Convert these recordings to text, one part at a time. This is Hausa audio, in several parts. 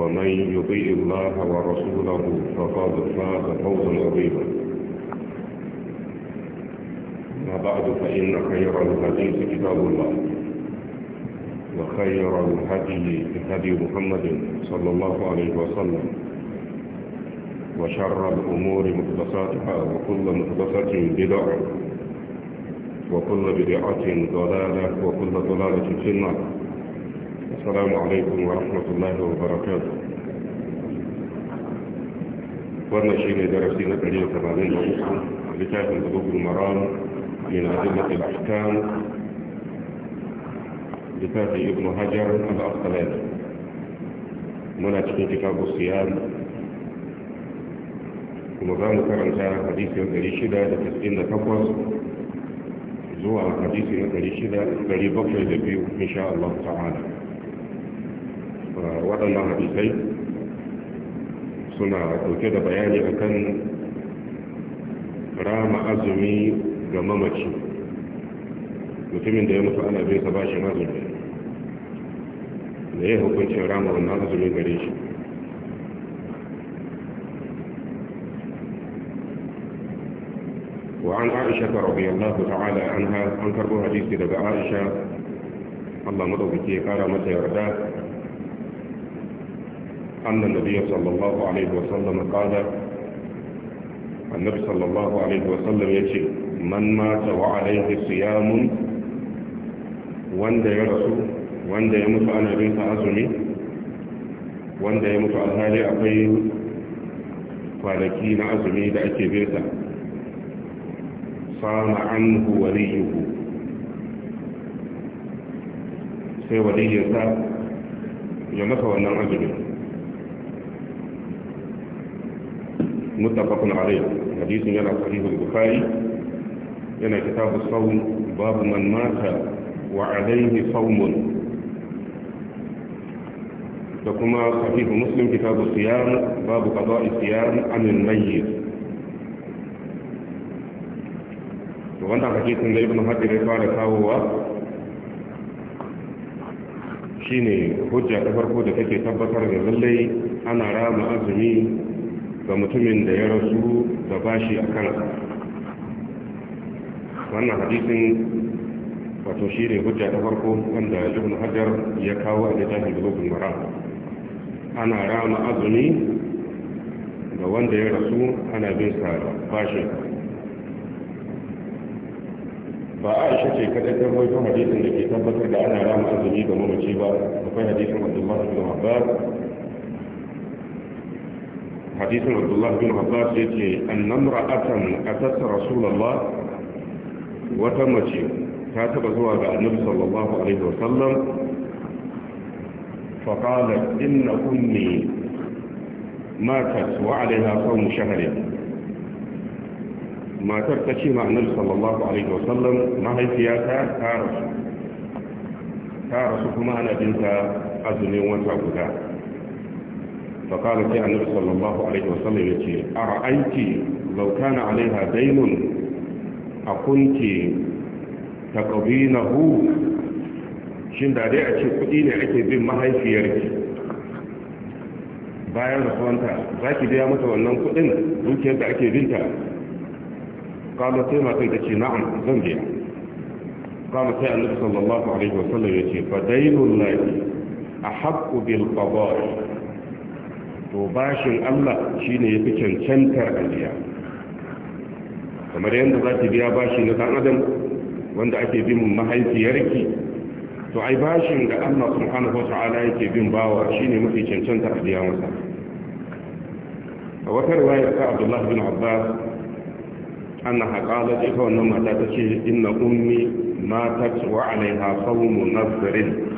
ومن يطيع الله ورسوله فقد فاز فوزا عظيما ما بعد فإن خير الحديث كتاب الله وخير الهدي هدي محمد صلى الله عليه وسلم وشر الأمور مقدساتها وكل مقدسه بدعة وكل بدعة ضلالة وكل ضلالة في النار السلام عليكم ورحمة الله وبركاته وانا شيني درسينا قليل ثمانين وقصة لكاتب بلوغ المرام من أدلة الأحكام لكاتب ابن هجر الأصلاني منا كتاب الصيام ومضان كرمتا حديث الدريشدة لتسئلنا تقوص زوى حديث الدريشدة لبقى دبيو إن شاء الله تعالى waɗannan hadisai suna ɗauke da bayani akan rama azumi ga mamaci mutumin da ya mutu ana bin sa bashin azumi da ya hukuncin rama wannan azumi gare shi وعن عائشة رضي الله تعالى عنها أنكر حديث دقاء عائشة الله مدوكي قال متى يرداه أن النبي صلى الله عليه وسلم قال النبي صلى الله عليه وسلم يجي من مات وعليه صيام wanda ya rasu wanda ya mutu ana bin sa azumi wanda ya mutu alhali akwai kwanaki na azumi da ake bin sa sama an sai ya wannan azumi متفق عليه حديث من صحيح البخاري ان كتاب الصوم باب من مات وعليه صوم ثم صحيح مسلم كتاب الصيام باب قضاء الصيام عن الميت وانا حديث ابن حجر رفاعه هو shine hujja ta farko da take tabbatar da lallai ana rama azumi ga mutumin da ya rasu da bashi a kan. wannan hadisin wato shi ne hujja ta farko wanda ibn hajar ya kawo a littafin bulogin mara ana rama azumi ga wanda ya rasu ana bin sa bashin ba a ishe ce kadai ta hadisin da ke tabbatar da ana rama azumi ga mamaci ba akwai hadisin abdullahi bin abbas hadisin abdullah bin abbas ya annan ra'atan a rasulallah wata mace ta taba zuwa ga annabi sallallahu alaihi wasallam faƙalar inna kunni matat wa alaiha saumu shaharin matar ta ce ma sallallahu alaihi wasallam mahaifiyata ta rasu ta rasu kuma ana binta azumin wata guda فقال في النبي صلى الله عليه وسلم يتي أرأيت لو كان عليها دين أكنت تقبينه shin da dai a ce kuɗi ne ake bin mahaifiyarki bayan rasuwanta za ki biya mata wannan kuɗin dukiyar da ake binta kama sai matan da ce na'am zan biya kama sai annabi sallallahu alaihi wasallam ce fa to bashin Allah shi ne ya fi cancantar aliyya kamar yadda za ta biya bashi na dan adam wanda ake bin mahaifiyarki to ai bashin da Allah subhanahu wata'ala yake bin bawa shi ne mafi cancantar aliyya masa a wata riwaya ta Abdullahi bin Abbas annaha qalat ita wannan mata ta ce inna ummi matat wa alaiha mu nazarin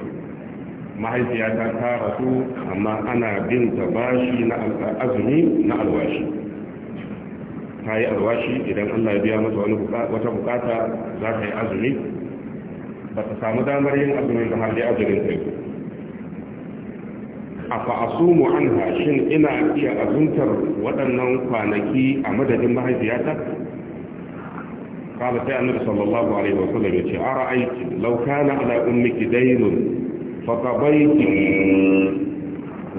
mahaifiyata ta rasu amma ana bin ta bashi na azumi na alwashi ta yi alwashi idan allah ya biya mata wata bukata za ta yi azumi ba ta samu damar yin azumi da har dai azumin ta yi a fa'asumu an hashin ina iya azuntar waɗannan kwanaki a madadin mahaifiyata? kala sai annabi sallallahu alaihi wa sallam yace ara aiki law kana ala ummiki faqabaiti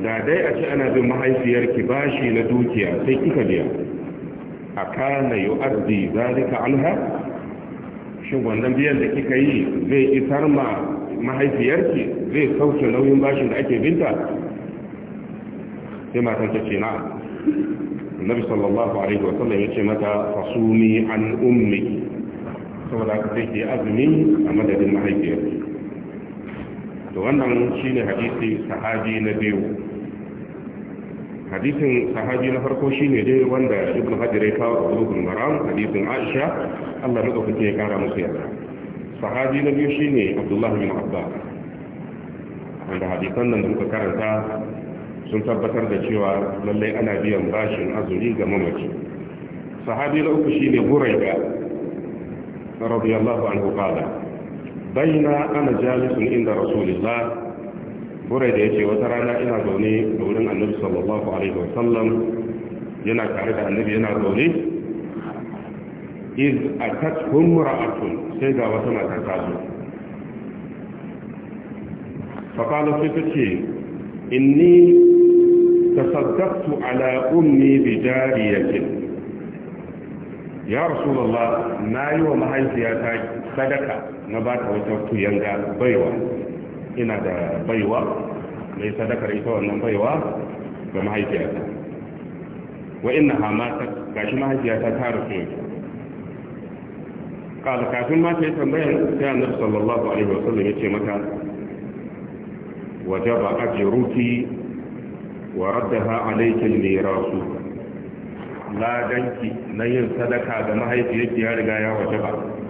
da dai a ce ana bin mahaifiyarki bashi na dukiya sai kika biya a kana yu'addi zalika anha shin wannan biyan da kika yi zai isar ma mahaifiyarki zai sauke nauyin bashin da ake binta sai matan ta ce na annabi sallallahu alaihi wa sallam yace mata fasumi an ummi saboda aka sai ki azumi a madadin mahaifiyarki da wannan shine hadisi sahabi na biyu hadisin sahabi na farko shine dai wanda ibn hajar ya kawo a bulugul maram hadisin aisha Allah maka kuke ya kara musu yarda sahabi na biyu shine abdullahi bin abbas wanda hadisan nan da muka karanta sun tabbatar da cewa lallai ana biyan bashin azumi ga mamaci sahabi na uku shine burayda radiyallahu anhu qala baina ana jalisun inda rasulullah burai da ya ce wata rana ina zaune da wurin annabi sallallahu alaihi wasallam yana tare da annabi yana zaune iz atathum ra'atun sai ga wata mata ta zo fa qala sai tace inni tasaddaqtu ala ummi bi jariyatin ya rasulullah nayi wa mahaifiyata sadaka na ba ta wata ga baiwa ina da baiwa mai sadakar ita wannan baiwa ga mahaifiyata wa ina ha mata gashi mahaifiyata ta rasu yanzu kala kafin ma ta yi tambayar ta yanar sallallahu alaihi wasallam ya ce mata Waje ba wajaba ajruki wa raddaha alayki al-mirasu rasu danki na yin sadaka ga mahaifiyar ya riga ya waje ba.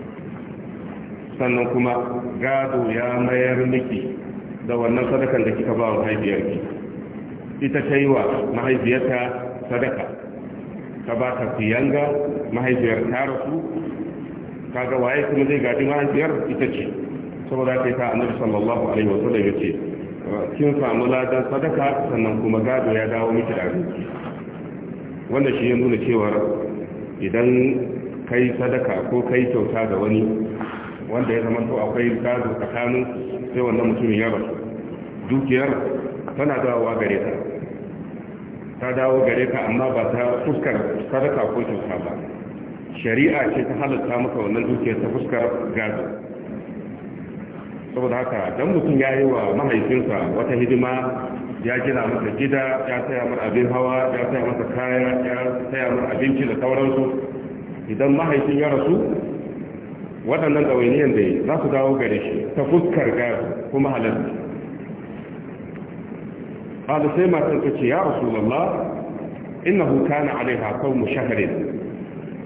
sannan kuma gado ya mayar miki da wannan sadakan da kika ba mahaifiyarki ita ta yi wa mahaifiyarta sadaka ka ba ta fiyanga mahaifiyar ta rasu kaga waye kuma zai gaji mahaifiyar ita ce saboda ta yi ta annabi sallallahu alaihi wa sallam ya ce kin samu ladan sadaka sannan kuma gado ya dawo miki da abinci wanda shi ya nuna cewar idan kai sadaka ko kai kyauta ga wani wanda ya zama to akwai gado tsakanin sai wannan mutumin ya rasu dukiyar tana dawowa gare ta ta dawo gare ka amma ba ta fuskar sadaka ko kyauta ba shari'a ce ta halatta maka wannan dukiyar ta fuskar gado saboda haka dan mutum ya yi wa mahaifinsa wata hidima ya gina masa gida ya saya mar abin hawa ya saya masa kaya ya saya mar abinci da sauransu idan mahaifin ya rasu waɗannan ɗawainiyan da za su dawo gare shi ta fuskar gare kuma halarci ba sai matan ta ce ya ina huta na alaiha kawo mu shahararin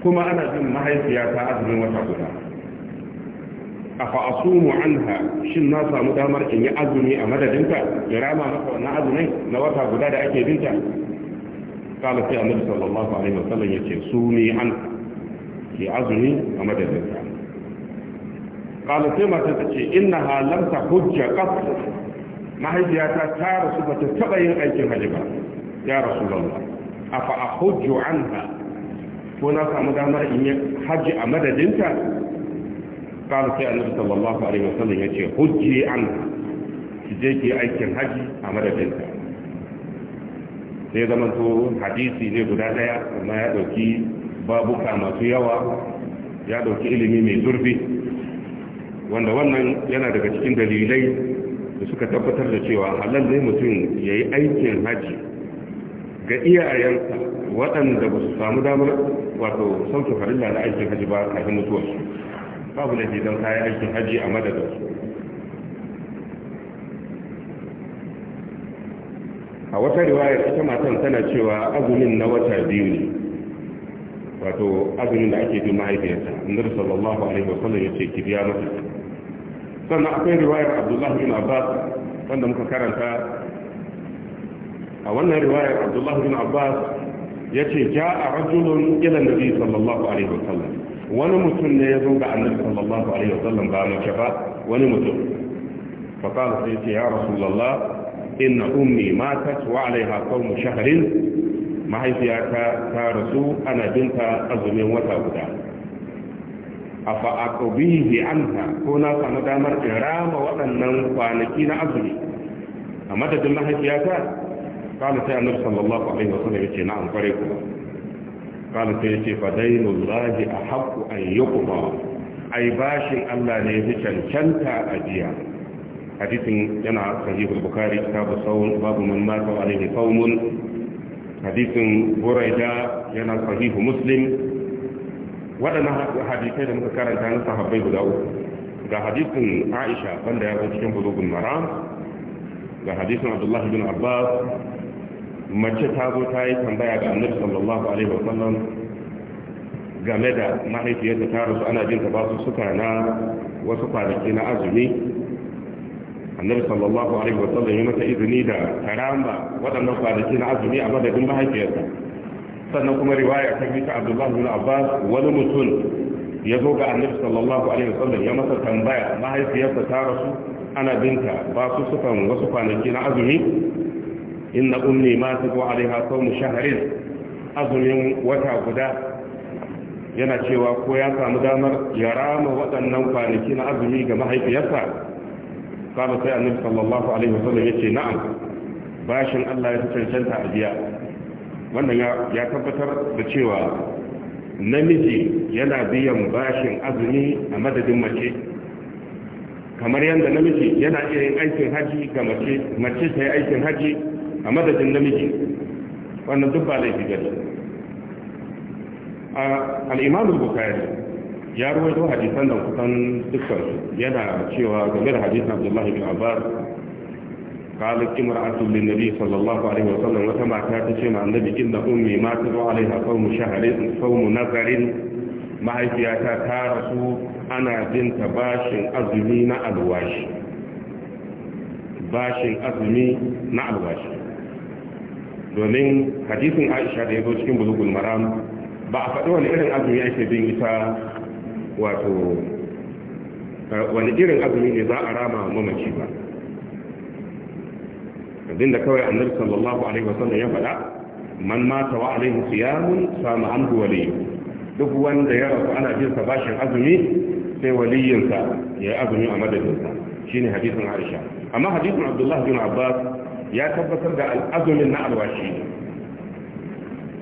kuma ana jin mahaifiya ta azumin wata guda a fa'asu mu'anha shi na samu damar in yi azumi a madadinta ya rama maka wannan azumin wata guda da ake binta قال في أمر صلى الله عليه وسلم يتسوني عنه في عزمي أمد الإنسان kala sai mata ta ce inna halarta hujja qat mahaifiyata ta rasu ba ta taba yin aikin hajji ba ya rasulullah afa ahujju anha ko na samu damar in yi hajji a madadinta kala sai annabi sallallahu alaihi wasallam ya ce hujji anha ki je ki aikin hajji a madadinta sai zama to hadisi ne guda daya amma ya dauki babuka masu yawa ya dauki ilimi mai zurfi wanda wannan yana daga cikin dalilai da suka tabbatar da cewa halal ne mutum ya yi aikin haji ga iyayensa waɗanda ba su samu damar wato sauke farilla na aikin haji ba kafin mutuwarsu babu ke don kayan aikin haji a madadinsu a wata riwaya, ita matan tana cewa azumin na wata biyu ne wato azumin da ake bi mahaifiyarta annabi sallallahu alaihi wasallam ce ki biya mata sannan akwai riwayar abdullahi bin abbas wanda muka karanta a wannan riwayar abdullahi bin abbas ya ce ja a rajulun ilan nabi sallallahu alaihi wasallam wani mutum ne ya zo ga annabi sallallahu alaihi wasallam ba mace ba wani mutum faƙala sai ce ya rasulallah inna ummi matat wa alaiha qawmu shahrin mahaifiyata ta rasu ana binta azumin wata guda a fa'aƙobihi anha ko na samu damar da rama waɗannan kwanaki na azumi a madadin mahaifiyata kala sai annabi sallallahu alaihi wasallam yace na amfare ku kala sai yace fa dainul lahi ahqqu an yuqda ai bashi Allah ne yafi cancanta a hadisin yana sahih al-bukhari kitabu sawm babu man mata alaihi qaumun hadisin buraida yana sahih muslim waɗannan hadisai da muka karanta na sahabbai guda uku ga hadisin Aisha wanda ya zo cikin bulugul maram ga hadisin Abdullah bin Abbas mace ta zo ta yi tambaya ga Annabi sallallahu alaihi wasallam game da mahaifiyarta ta rasu ana jin ta basu suka na wasu kwanaki na azumi annabi sallallahu alaihi wasallam ya mata izini da karamba waɗannan kwanaki na azumi a madadin mahaifiyarta sannan kuma riwaya ta bi ta abdullahi bin abbas wani mutum ya zo ga annabi sallallahu alaihi wasallam ya masa tambaya mahaifiyarsa ta rasu ana binta ba su sukan wasu kwanaki na azumi inna ummi ma tuqu alaiha mu shahrin azumin wata guda yana cewa ko ya samu damar ya rama waɗannan kwanaki na azumi ga mahaifiyarsa kama sai annabi sallallahu alaihi wasallam ya ce na'am bashin Allah ya cancanta a biya wannan ya tabbatar da cewa namiji yana biyan bashin azumi a madadin mace kamar yadda namiji yana iya yin aikin haji ga mace mace ta yi aikin haji a madadin namiji wannan duk ba laifi gari al'imamun bukari ya ruwaito hadisan da kusan dukkan yana cewa game da hadisan abdullahi bin abbas قالت امرأة للنبي صلى الله عليه وسلم وتما كانت شمع النبي إن أمي ماتت وعليها صوم شهر صوم نذر ما هي فيها تارسو أنا بنت باش أزمي نألواش باش أزمي نألواش domin hadisin Aisha da ya zo cikin bulugul maram ba a faɗi wani irin azumi ake bin ita wato wani irin azumi ne za a rama mamaci ba da kawai annabi sallallahu alaihi wasallam ya faɗa man mata wa alaihi siyamun sama anhu waliyu duk wanda ya rasu ana bin sa bashin azumi sai waliyinsa ya azumi a madadinsa shine hadisin Aisha amma hadisin Abdullah bin Abbas ya tabbatar da azumin na alwashi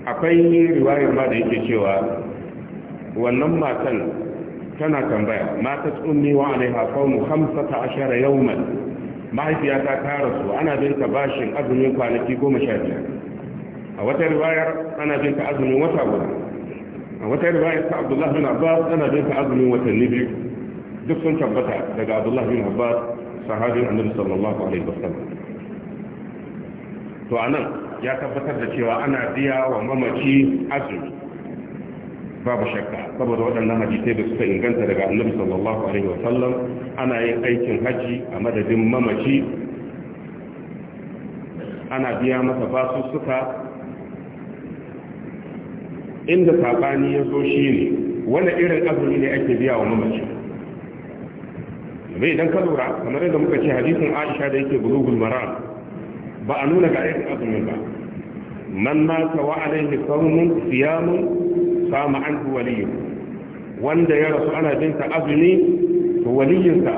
akwai riwayar ma da yake cewa wannan matan tana tambaya matat ummi wa alaiha qawmu 15 yawman mahaifiyata ta rasu ana binta bashin azumin kwanaki goma sha biyar a wata riwayar ana binta azumin wata guda a wata riwayar ta abdullahi bin abbas ana binta azumin watanni biyu duk sun tabbata daga abdullahi bin abbas sahabin annabi sallallahu alaihi wasallam to anan ya tabbatar da cewa ana biya wa mamaci azumi babu shakka saboda waɗannan hadisai da suka inganta daga annabi sallallahu alaihi wasallam ana yin aikin haji a madadin mamaci ana biya masa basu suka. inda sabani ya zo shi ne wani irin azumi ne ake biya wa mamaci bai idan ka lura kamar yadda muka ce hadisin aisha da yake bulugul maram ba a nuna ga irin azumin ba man mata wa alaihi saumun siyamun sama anhu waliyu wanda ya rasu ana binta azumi to waliyinsa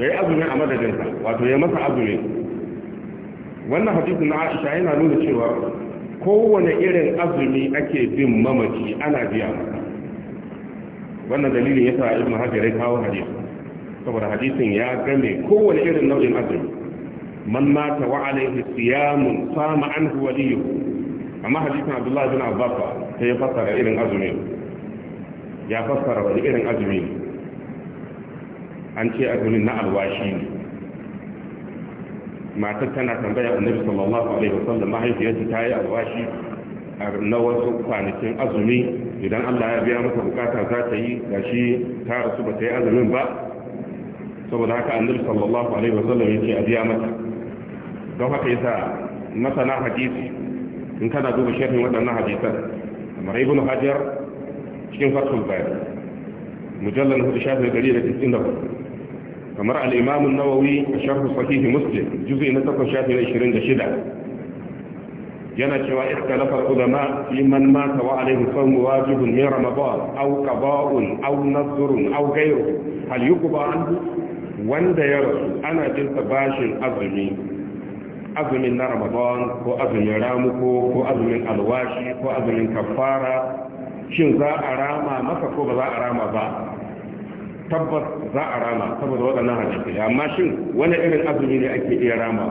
ya yi azumi a madadinsa wato ya masa azumi wannan hadisin na aisha yana nuna cewa kowane irin azumi ake bin mamaci ana biya masa wannan dalilin ya sa ibn hajar ya kawo hadisin saboda hadisin ya game kowane irin nau'in azumi man mata wa alaihi siyamun sama anhu waliyuhu amma hadisin abdullahi bin abbas sai ya fassara irin azumi ya fassara wani irin azumi an ce azumin na alwashi ne matar tana tambaya annabi sallallahu alaihi wasallam mahaifiyarta ta yi alwashi na wasu kwanakin azumi idan Allah ya biya mata bukata za ta yi shi ta rasu ba ta yi azumin ba saboda haka annabi sallallahu alaihi wasallam yake a biya mata don haka yasa masana hadisi in kana duba shirin waɗannan hadisan kamar ibn hajar cikin fathul bari mujallar hudu shafi gari da cikin kamar al'imamun nawawi a sharhu sahihi muslim juzi na takwas shafi na ishirin da shida yana cewa ikhtalafar ulama fi man mata wa alaihi sawm wajibun min ramadan aw qada'un aw nadhrun aw ghayruhu wanda ya rasu ana jinsa bashin azumi azumin na ramadan ko azumin ramuko ko azumin alwashi ko azumin kafara shin za a rama maka ko ba za a rama ba tabbas za a rama saboda waɗannan hadisi amma shin wani irin azumi ne ake iya rama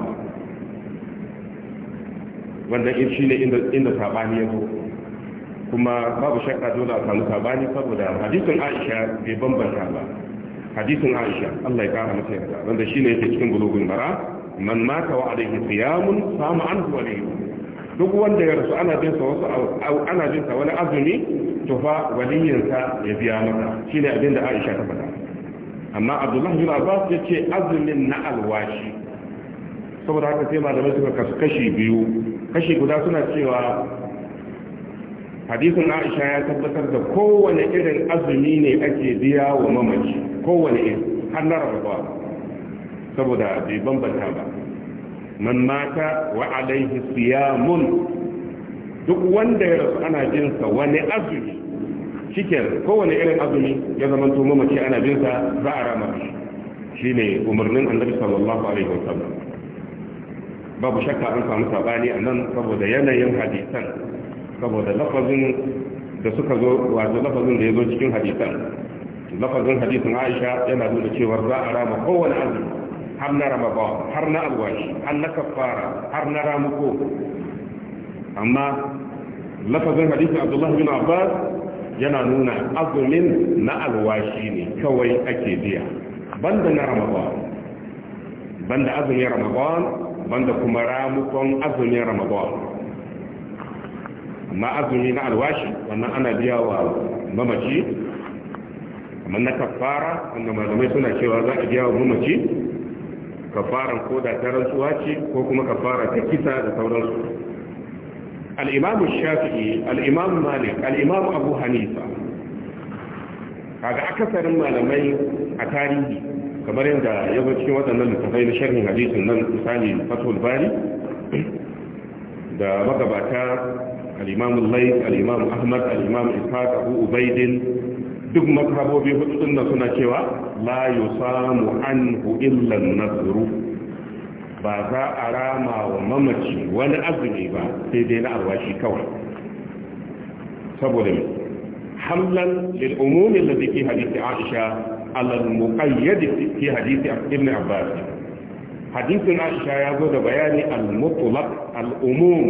wanda in shi ne inda sabani ya zo kuma babu shakka dole a samu sabani saboda hadisin aisha bai bambanta ba hadisin aisha Allah ya kara mata yarda wanda shine yake cikin bulugun bara. man mata wa alaihi siyamun sama an wa duk wanda ya rasu ana jinsa wasu ana jinsa wani azumi to fa sa ya biya maka shine abin da Aisha ta faɗa amma Abdullah bin Abbas ce azumin na alwashi saboda haka sai malamai suka kashi biyu kashi guda suna cewa hadisin Aisha ya tabbatar da kowane irin azumi ne ake biya wa mamaci kowane irin har na saboda bai bambanta ba man mata wa alaihi siyamun duk wanda ya rasu ana jinsa wani azumi cikin kowane irin azumi ya zama to mamaci ana jinsa za a rama shi ne umarnin annabi sallallahu alaihi wasallam babu shakka an samu sabani a nan saboda yanayin hadisan saboda lafazin da suka zo wato lafazin da ya zo cikin hadisan lafazin hadisin aisha yana nuna cewa za a rama kowane azumi har na ramadan har na alwashi har na kafara har na ramuko amma lafazin hadisin abdullahi bin abbas yana nuna azumin na alwashi ne kawai ake biya banda na ramadan banda azumin ramadan banda kuma ramukon azumin ramadan amma azumi na alwashi wannan ana biya wa mamaci kamar na kafara wanda malamai suna cewa za a biya wa mamaci kafaran ko da ta rantsuwa ce ko kuma kafara ta kisa da sauransu al shafi'i al malik al abu hanifa kaga akasarin malamai a tarihi kamar yadda ya cikin waɗannan littafai na sharhin hadisin nan misali fatul bari da magabata al-imam al ahmad al-imam ishaq abu ubaidin duk mazhabobi hudu din nan suna cewa la yusamu anhu illa an-nazru ba za a rama wa mamaci wani azumi ba sai dai na arwashi kawai saboda hamlan lil umumi alladhi ke hadith Aisha ala al-muqayyad fi hadith Ibn Abbas hadithin Aisha ya zo da bayani al-mutlaq al-umum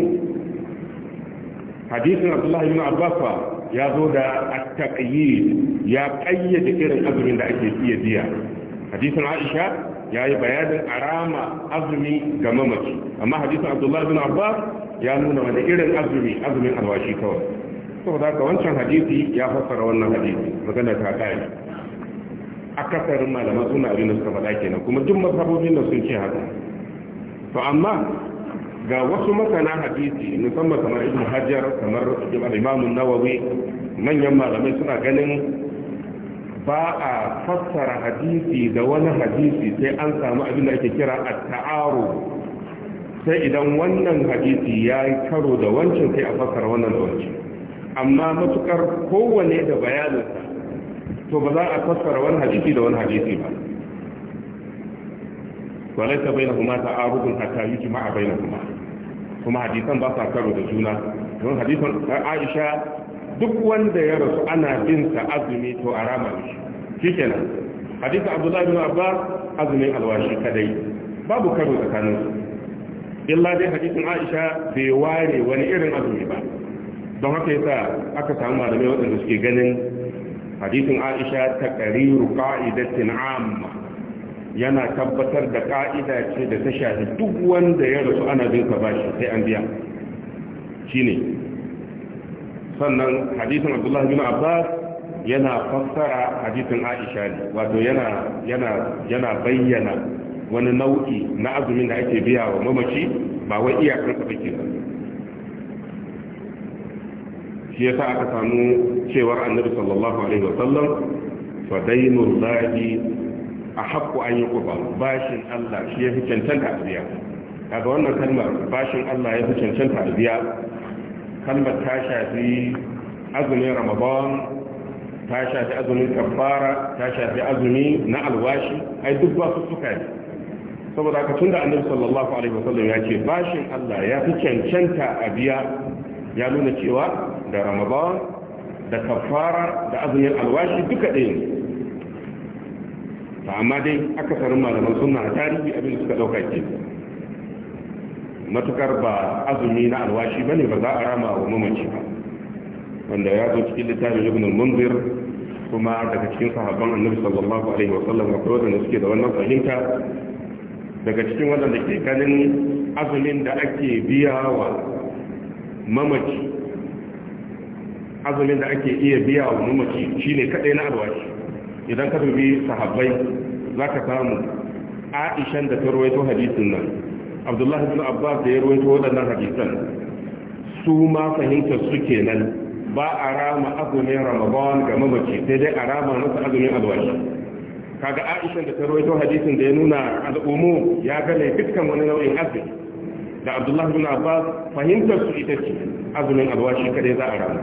hadithin Abdullah ibn Abbas ya zo da attaqyi ya kayyade irin azumin da ake iya biya hadisin Aisha ya yi bayanin arama azumi ga mamaci amma hadisin abdullahi bin Abbas ya nuna wani irin azumi azumin alwashi kawai saboda ka wancan hadisi ya fassara wannan hadisi magana ta a akasarin malaman suna abin da suka faɗa kenan kuma duk mazhabobin da sun ce haka to amma ga wasu masana hadisi musamman kamar ibn hajar kamar imam nawawi manyan malamai suna ganin ba a fassara hadisi da wani hadisi sai an samu abin da ake kira at-ta'aru sai idan wannan hadisi ya yi karo da wancan sai a fassara wannan da wancan amma matukar kowane da bayaninsa to ba za a fassara wani hadisi da wani hadisi ba walaita bainahuma ta'arudun hatta yujma'a kuma. kuma hadisan ba sa karo da juna don hadisan aisha duk wanda ya rasu ana bin sa azumi to a rama mishi shikenan hadisan abdullahi bin abbas azumin alwashi kadai babu karo tsakanin su illa dai hadisan aisha bai ware wani irin azumi ba don haka yasa aka samu malamai waɗanda suke ganin hadisin aisha ta ƙariru ƙa'idatin amma yana tabbatar da ka'ida ce da ta shafi duk wanda ya rasu ana bin bashi sai an biya shine sannan hadisin Abdullah bin Abbas yana fassara hadisin Aisha ne wato yana yana yana bayyana wani nau'i na azumin da ake biya wa mamaci ba wai iyakar ka bake ba shi sa aka samu cewar Annabi sallallahu alaihi wasallam fa dainul a haƙƙo an yi ƙuba bashin Allah shi ya fi cancanta a biya kaga wannan kalmar bashin Allah ya fi cancanta a biya kalmar ta shafi azumin ramadan ta shafi azumin kafara ta shafi azumi na alwashi ai duk ba su suka ne saboda haka tunda annabi sallallahu alaihi wasallam ya ce bashin Allah ya fi cancanta a biya ya nuna cewa da ramadan da kafara da azumin alwashi duka ɗaya ne to amma dai akasarin malaman suna a tarihi abin da suka dauka ke matukar ba azumi na alwashi bane ba za a rama wa mamaci ba wanda ya zo cikin littafin ibn al-munzir kuma daga cikin sahabban annabi sallallahu alaihi wa sallam akwai wanda suke da wannan fahimta daga cikin wanda ke kanin azumin da ake biya wa mamaci azumin da ake iya biya wa mamaci shine kadai na alwashi idan ka dubi sahabbai za ka samu aishan da ta ruwaito hadisin nan abdullahi bin abbas da ya ruwaito waɗannan hadisan su ma fahimtar su kenan ba a rama azumin ramadan ga mamaci sai dai a rama masa azumin alwashi kaga aishan da ta ruwaito hadisin da ya nuna al'umu ya gane dukkan wani nau'in azumi da abdullahi bin abbas fahimtar su ita ce azumin alwashi kadai za a rama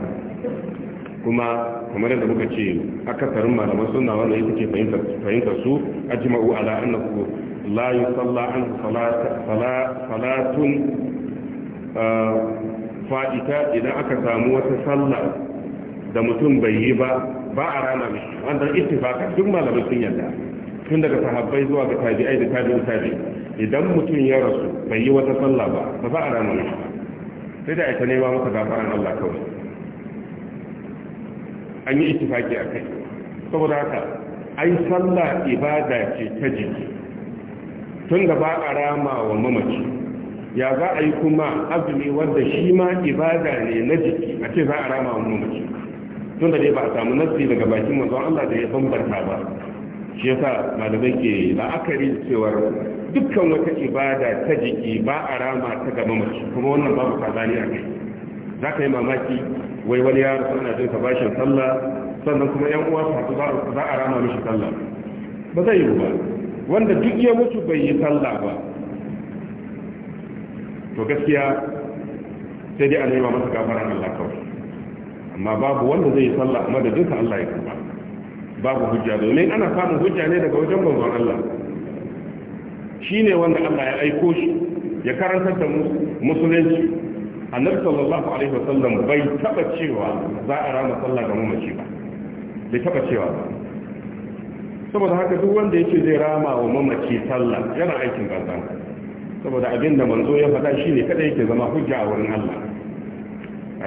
kuma kamar yadda muka ce akasarin malaman suna wannan ita ke fahimta su ajma'u ala annahu la yusalla an salatun ah, fa'ita idan aka samu wata sallah da mutum bai yi ba ba a rana mai wannan ittifaka duk malamai sun yarda tun daga sahabbai zuwa ga tabi'ai da tabi'in tabi idan mutum ya rasu bai yi wata sallah ba ba a rana mai sai da ita nema masa gafaran Allah kawai an yi itifaki a kai saboda haka ai sallah ibada ce ta jiki tun da ba a rama wa mamaci ya za a yi kuma azumi wanda shi ma ibada ne na jiki a ce za a rama wa mamaci tun da dai ba a samu nasi daga bakin manzon Allah da ya bambanta ba shi yasa malamai ke la'akari cewa dukkan wata ibada ta jiki ba a rama ta ga mamaci kuma wannan babu kazani a kai za ka yi mamaki wai wani ya rasu ana jin bashin sallah sannan kuma yan uwa su za a rama mishi sallah ba zai yi ba wanda duk ya mutu bai yi sallah ba to gaskiya sai dai alaiwa masa gafara Allah kawai amma babu wanda zai yi sallah amma da jinsa Allah ya kuma babu hujja domin ana samun hujja ne daga wajen manzon Allah shi ne wanda Allah ya aiko shi ya karantar da musulunci annabi sallallahu alaihi wasallam bai taba cewa za a rama sallah ga mamaci ba bai taba cewa ba saboda haka duk wanda yake zai rama wa mamaci sallah yana aikin banza saboda abinda manzo ya faɗa shine kada yake zama hujja a wurin Allah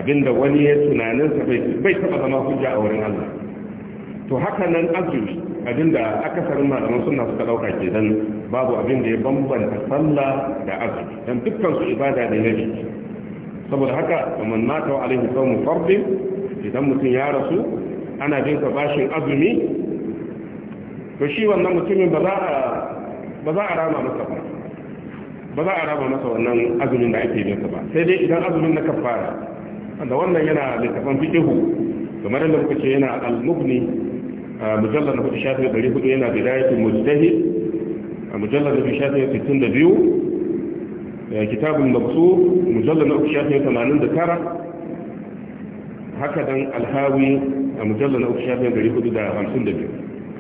abinda wani ya tunaninsa bai taba zama hujja a wurin Allah to haka nan azumi abinda akasarin malaman suna suka dauka ke dan babu abinda ya bambanta sallah da azumi dan dukkan su ibada da yake saboda haka wa man mata wa alaihi sawmu fardin idan mutum ya rasu ana bin sa bashin azumi to shi wannan mutumin ba za a rama masa ba ba za a rama masa wannan azumin da ake bin sa ba sai dai idan azumin na kafara wanda wannan yana littafin fiqhu kamar da kuka ce yana al-mughni mujallal na 4 shafi 400 yana bidayatul mujtahid mujallal na 6 62 Eh, kitabun mabsu mujalla na uku shafin tamanin da tara haka dan alhawi a mujalla na uku shafin dari hudu da hamsin da biyu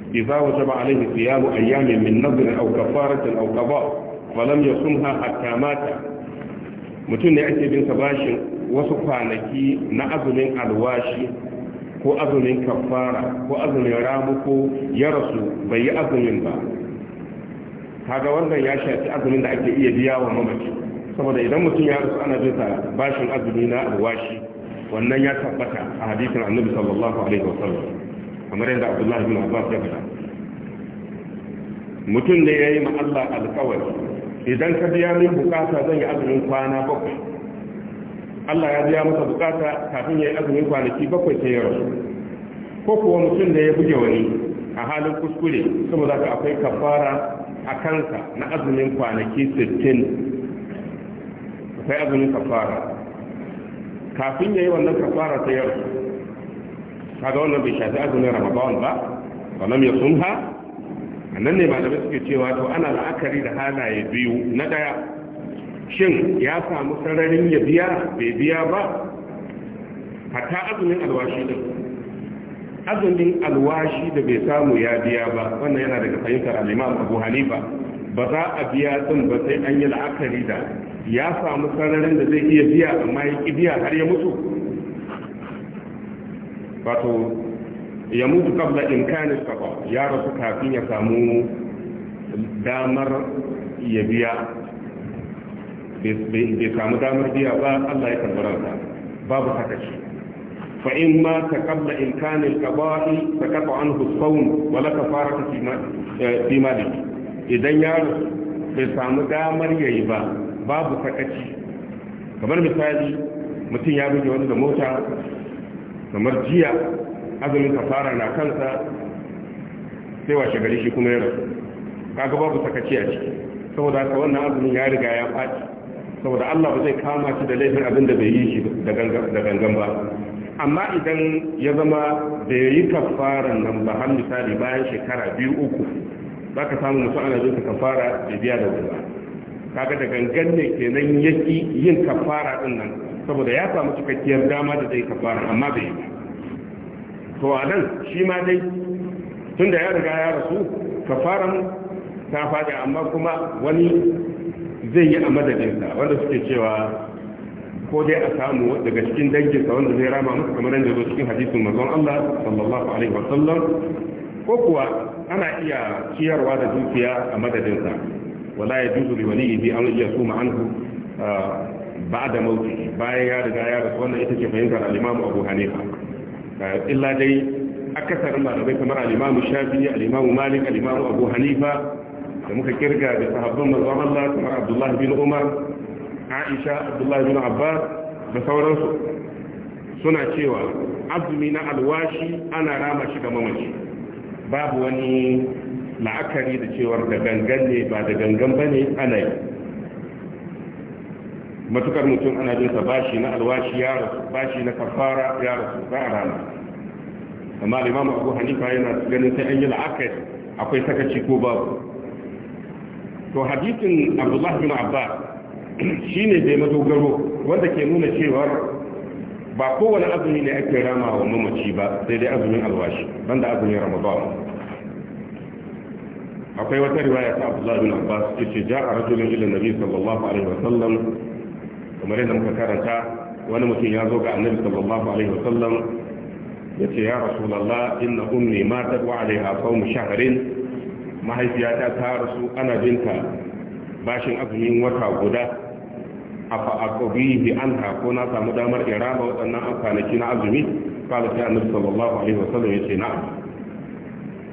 إذا وجب عليه صيام أيام من نظر أو كفارة أو قضاء فلم يصمها حتى مات mutum ne ake bin bashin wasu kwanaki na azumin alwashi ko azumin kafara ko azumin ramuko ya rasu bai yi azumin ba kaga wannan ya shafi azumin da ake iya biya wa mamaci saboda idan mutum ya rasu ana jinsa bashin azumi na alwashi wannan ya tabbata a hadisin annabi sallallahu alaihi wa sallam. kamar yadda abdullahi bin abbas ya faɗa mutum da yayi ma Allah alƙawari idan ka biya min bukata zan yi azumin kwana bakwai Allah ya biya masa bukata kafin ya yi azumin kwanaki bakwai sai ya rasu ko kuwa mutum da ya buge wani a halin kuskure saboda ka akwai kafara a kansa na azumin kwanaki sittin yi azumin kafara kafin ya yi wannan kafara ta yar kaga wannan bai shafi azumin ramadan ba wannan ya a nan ne malamai suke cewa to ana la'akari da halaye biyu na daya shin ya samu sararin ya biya bai biya ba hatta azumin alwashi din azumin alwashi da bai samu ya biya ba wannan yana daga fahimtar alimam abu hanifa ba za a biya din ba sai an yi la'akari da ya samu sararin da zai iya biya amma ya ƙi biya har ya mutu wato ya mutu kabla in imkanin kafa ya rasu kafin ya samu damar ya biya bai samu damar biya ba Allah ya karbararsa babu sakaci fa in ma ta kabla imkanin kaba'i ta kafa an husfaun wala ka fara ta fi idan ya rasu bai samu damar ya yi ba babu sakaci kamar misali mutum ya buge wani da mota kamar jiya azumin kafara na kansa sai washe gari shi kuma ya rasu kaga babu sakaci a ciki saboda haka wannan azumin ya riga ya faci saboda Allah ba zai kama shi da laifin abin da bai yi shi da gangan ba amma idan ya zama ya yi kafaran nan ba har misali bayan shekara biyu uku za ka samu mutum ana zo ka kafara da biya da wuri ba kaga da gangan ne kenan yaki yin kafara din nan saboda ya samu cikakkiyar dama da zai kafara amma bai yi to a nan shi ma dai tunda ya riga ya rasu kafaran ta faɗi amma kuma wani zai yi a madadinsa wanda suke cewa ko dai a samu daga cikin danginsa wanda zai rama musu kamar yadda zo cikin hadisin mazan Allah sallallahu alaihi wa sallam ko kuwa ana iya ciyarwa da dukiya a madadinsa wala ya juzu li walihi an yasuma anhu ba'da mauti bayan ya riga ya rasu wannan ita ce fahimtar al-Imam Abu Hanifa illa dai akasarin malamai kamar al-Imam Shafi'i al-Imam Malik al-Imam Abu Hanifa da muka kirga da sahabban manzon Allah kamar Abdullah bin Umar Aisha Abdullah bin Abbas da sauransu suna cewa azumi na alwashi ana rama shi ga mamaci babu wani la'akari da cewar da gangan ne ba da gangan ba ne ana yi matukar mutum ana jin sa bashi na alwashi ya rasu bashi na kafara ya rasu ba a rana amma limamu abu hanifa yana ganin sai an yi la'akari akwai sakaci ko babu to hadisin abdullah bin abbas shine bai madogaro wanda ke nuna cewar ba kowane azumi ne ake rama wa mamaci ba sai dai azumin alwashi banda azumin ramadan akwai wata riwaya ta Abdullah bin Abbas yace ja'a rajulun ila nabi sallallahu alaihi wa sallam kamar yadda muka karanta wani mutum ya zo ga annabi sallallahu alaihi wasallam yace ya rasulullah inna ummi matat wa alaiha sawm shahrin mahaifiyata ta rasu ana binta bashin azumin wata guda a aqbihi anha ko na samu damar iraba waɗannan kwanaki na azumi qala ta annabi sallallahu alaihi wa wasallam yace na'am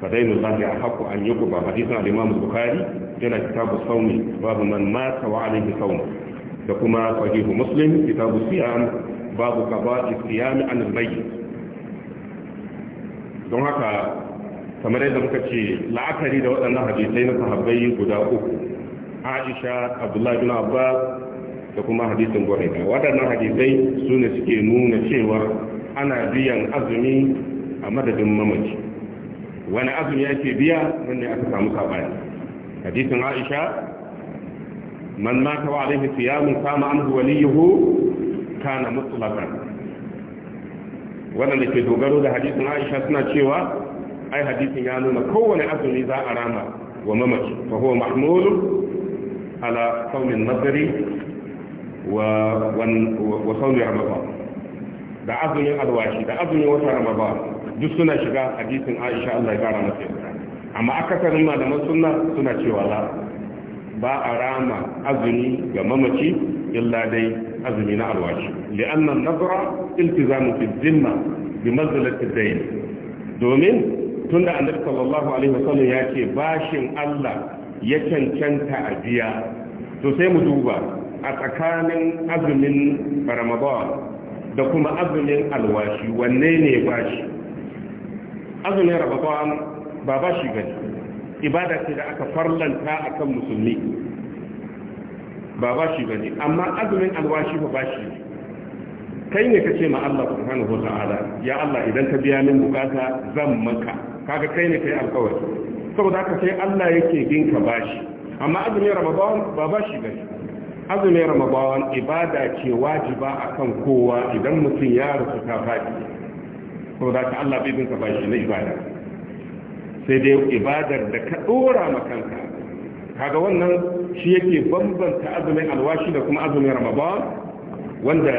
فدين الله أحق أن يقضى حديث عن الإمام البخاري جل كتاب الصوم باب من مات وعليه صوم فكما صحيح مسلم كتاب الصيام باب قضاء الصيام عن الميت don haka kamar yadda muka ce la'akari da waɗannan hadisai na sahabbai guda uku aisha abdullahi bin abbas da kuma hadisin gwarai da waɗannan hadisai su ne suke nuna cewa ana biyan azumi a madadin mamaci wani azumi ake biya nan ne aka samu sabani hadisin aisha man ma mata wa alaihi mun kama anhu waliyuhu kana mutlaqan wannan da ke dogaro da hadisin aisha suna cewa ai hadisin ya nuna kowane azumi za a rama wa mamaci fa huwa mahmulu ala saumin nazari wa saumin ramadan da azumin alwashi da azumin wata ramadan duk suna shiga hadisin aisha Allah ya kara masa amma akasarin malaman sunna suna cewa la ba a rama azumi ga mamaci illa dai azumi na alwashi li'anna nazara iltizamu fi dhimma bi manzilati dayn domin tunda annabi sallallahu alaihi wasallam ya ce bashin Allah ya cancanta a biya to sai mu duba a tsakanin azumin ramadan da kuma azumin alwashi wanne ne bashi azumin ramadan ba ba shi gani ibada ce da aka farlanta akan musulmi ba ba shi gani amma azumin alwashi ba ba shi kai ne ka ce ma Allah subhanahu wa ta'ala ya Allah idan ka biya min bukata zan maka kaga kai ne kai alƙawari saboda haka sai Allah yake bin ka bashi amma azumin ramadan ba bashi gani azumin ramadan ibada ce wajiba akan kowa idan mutum ya rasu ta faɗi saboda ka Allah bai ka bashi na ibada sai dai ibadar da ka dora ma kanka kaga wannan shi yake bambanta azumin alwashi da kuma azumin ramadan wanda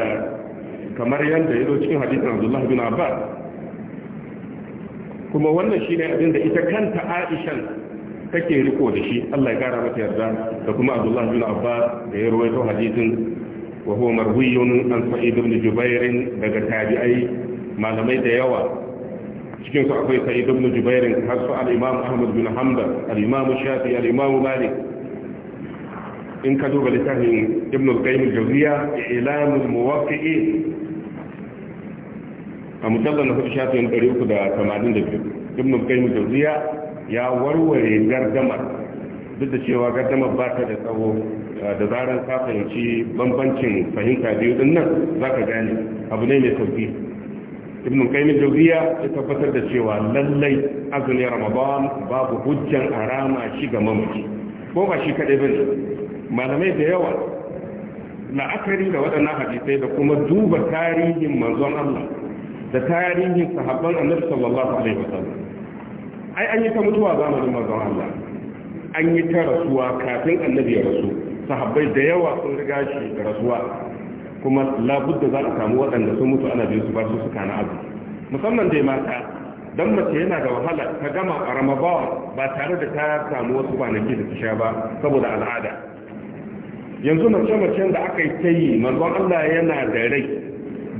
kamar yadda yazo zo cikin hadisin Abdullah bin Abbas kuma wannan shine abin da ita kanta Aisha take riko da shi Allah ya gara mata yarda da kuma Abdullah bin Abbas da ya rawaito hadisin wa huwa marwiyun an Sa'id ibn Jubair daga tabi'ai malamai da yawa cikin su akwai sai ibn jubair har su al-imam ahmad bin hanbal al-imam shafi al-imam malik in ka duba littafin ibn al-qayyim al-jawziya ilam al-muwaqqi'in a mujallar na hudu shafin da ibn al-qayyim al-jawziya ya warware gardamar duk da cewa gardamar ba ta da tsawo da zarar ka fahimci bambancin fahimta biyu din nan za ka gane abu ne mai sauki ibn qayyim jawziya ya tabbatar da cewa lallai azumi ramadan babu hujjan arama shi ga mamaci ko ba shi kadai bane malamai da yawa la'akari da waɗannan hadisai da kuma duba tarihin manzon Allah da tarihin sahabban annabi sallallahu alaihi wasallam ai an yi ta mutuwa zamanin manzon Allah an yi ta rasuwa kafin annabi ya rasu sahabbai da yawa sun riga shi da rasuwa kuma labudda za a samu waɗanda sun mutu ana biyu su ba su suka na azu musamman dai mata dan mace yana da wahala ta gama a ramadan ba tare da ta samu wasu kwanaki da ta sha ba saboda al'ada yanzu mace-macen da aka yi ta yi manzon Allah yana da rai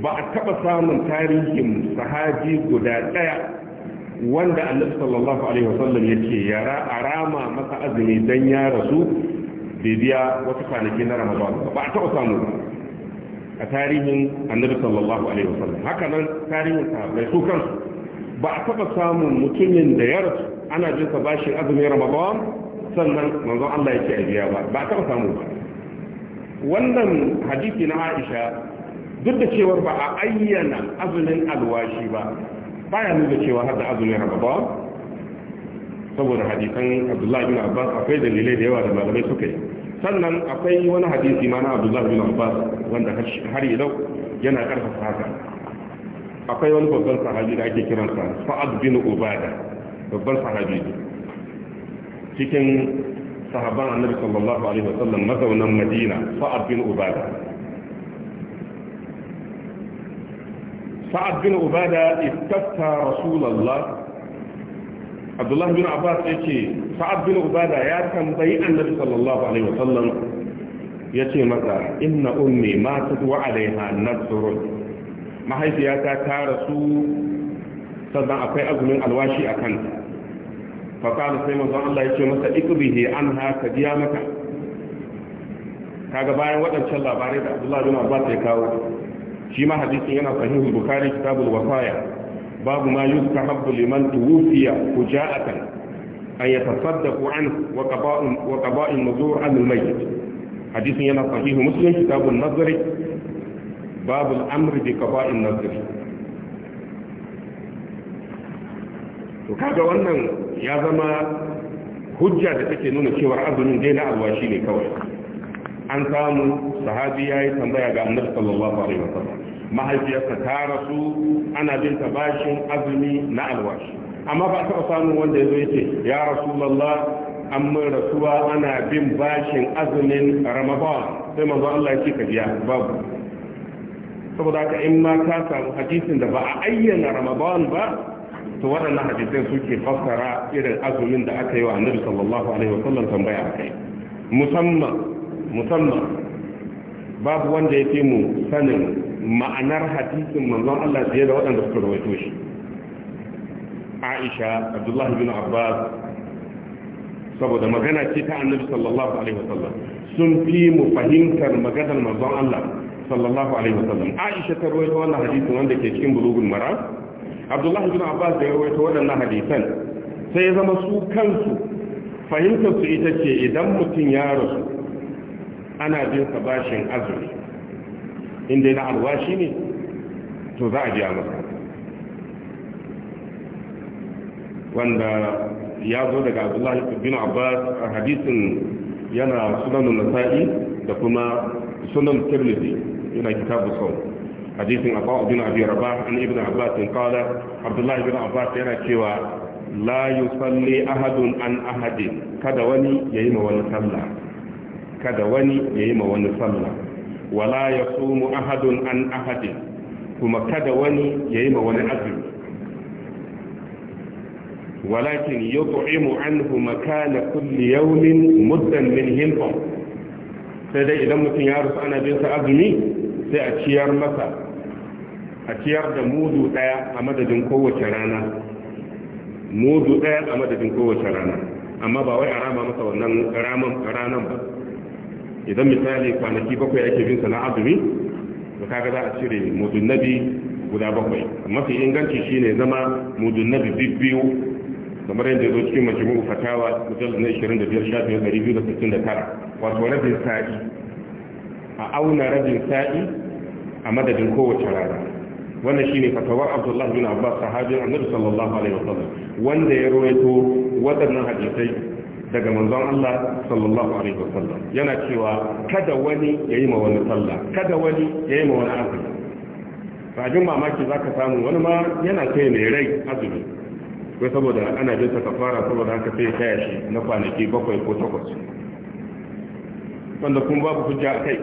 ba a taɓa samun tarihin sahaji guda ɗaya wanda annabi sallallahu alaihi wasallam ya ce ya rama masa azumi dan ya rasu bibiya wasu kwanaki na ramadan ba a taɓa samu a tarihin annabi sallallahu alaihi wasallam haka nan tarihin sahabbai su kansu ba a taba samun mutumin da ya rasu ana jin sa bashi azumin ramadan sannan manzo Allah yake a biya ba ba a taba samu ba wannan hadisi na Aisha duk da cewar ba a ayyana azumin alwashi ba baya nuna cewa har da azumin ramadan saboda hadisan Abdullahi bin Abbas akwai dalilai da yawa da malamai suka yi sannan akwai wani hadisi ma na abdullahi bin abbas wanda har yau yana karfafa haka akwai wani babban sahabi da ake kiran sa sa'ad bin ubada babban sahabi cikin sahaban annabi sallallahu alaihi wa sallam mazaunan madina sa'ad bin ubada sa'ad bin ubada istafta rasulullah abdullahi bin abbas ya ce sa'ad bin ubada ya tambayi annabi sallallahu alaihi wa sallam ya ce masa inna ummi matat wa alaiha nasrun mahaifiyata ta rasu sannan akwai azumin alwashi a kanta fakala sai manzon Allah ya ce masa ikbihi anha ka biya maka kaga bayan waɗancan labarai da Abdullah bin Abbas ya kawo shi ma hadisin yana sahihul bukhari kitabul wasaya babu ma yustahabbu liman tuwfiya fuja'atan an yatasaddaqu anhu wa qaba'un wa qaba'in nuzur an al-mayyit hadisin yana sahihu muslim kitabun nazari babu al-amr bi nazari to kaga wannan ya zama hujja da take nuna cewar azumin dai na alwashi ne kawai an samu sahabi yi tambaya ga annabi sallallahu mahaifiyarsa ta rasu ana bin ta bashin azumi na alwashi amma ba taɓa samun wanda ya zo yake ya rasulallah an mun rasuwa ana bin bashin azumin ramadan sai manzo Allah yake ka biya babu saboda haka in ma ka samu hadisin da ba a ayyana ramadan ba to waɗannan hadisai suke fassara irin azumin da aka yi wa annabi sallallahu alaihi wasallam tambaya kai musamman musamman babu wanda ya fi mu sanin ma'anar hadisin manzon Allah fiye da waɗanda suka rawaito shi Aisha Abdullahi bin Abbas saboda magana ce ta Annabi sallallahu alaihi wasallam sun fi mu fahimtar maganar manzon Allah sallallahu alaihi wasallam Aisha ta rawaito wannan hadisin wanda ke cikin bulugul maram Abdullahi bin Abbas da ya rawaito waɗannan hadisan sai ya zama su kansu fahimtar su ita ce idan mutum ya rasu ana bin sa bashin azumi inda na alwashi ne to za a biya masa wanda ya zo daga abdullahi bin abbas a hadisin yana sunanun nasa'i da kuma sunan tirmidhi yana kitabu sau hadisin abu bin abi rabah an ibn abbas qala abdullahi bin abbas yana cewa la yusalli ahadun an ahadin kada wani ya yi ma wani sallah kada wani ya yi ma wani sallah wala ya tsumu ahadun an ahadin kuma kada wani ya yi ma wani azumi walakin ya tsu'imu an kuma kana kulli yaumin muddan min himfon sai dai idan mutum ya rufe ana jinsa azumi sai a ciyar masa a ciyar da mudu ɗaya a madadin kowace rana mudu ɗaya a madadin kowace rana amma ba wai a rama masa wannan ranan ba idan misali kwanaki bakwai ake bin sana azumi da kaga za a cire nabi guda bakwai mafi inganci shine zama mudunnabi bibbiyu kamar yadda zo cikin majmu'u fatawa mujallal na 25 shafin 269 wato rabin sa'i a auna rabin sa'i a madadin kowace rana wannan shine fatawar abdullahi bin Abbas sahabi Annabi sallallahu alaihi wasallam wanda ya rawaito waɗannan hadisai daga manzon Allah sallallahu alaihi wasallam yana cewa kada wani yayi ma wani sallah kada wani yayi ma wani azumi jin mamaki zaka samu wani ma yana kai mai rai azumi ko saboda ana jin ta kafara saboda haka sai ya shi na kwanaki bakwai ko takwas wanda kuma babu hujja a kai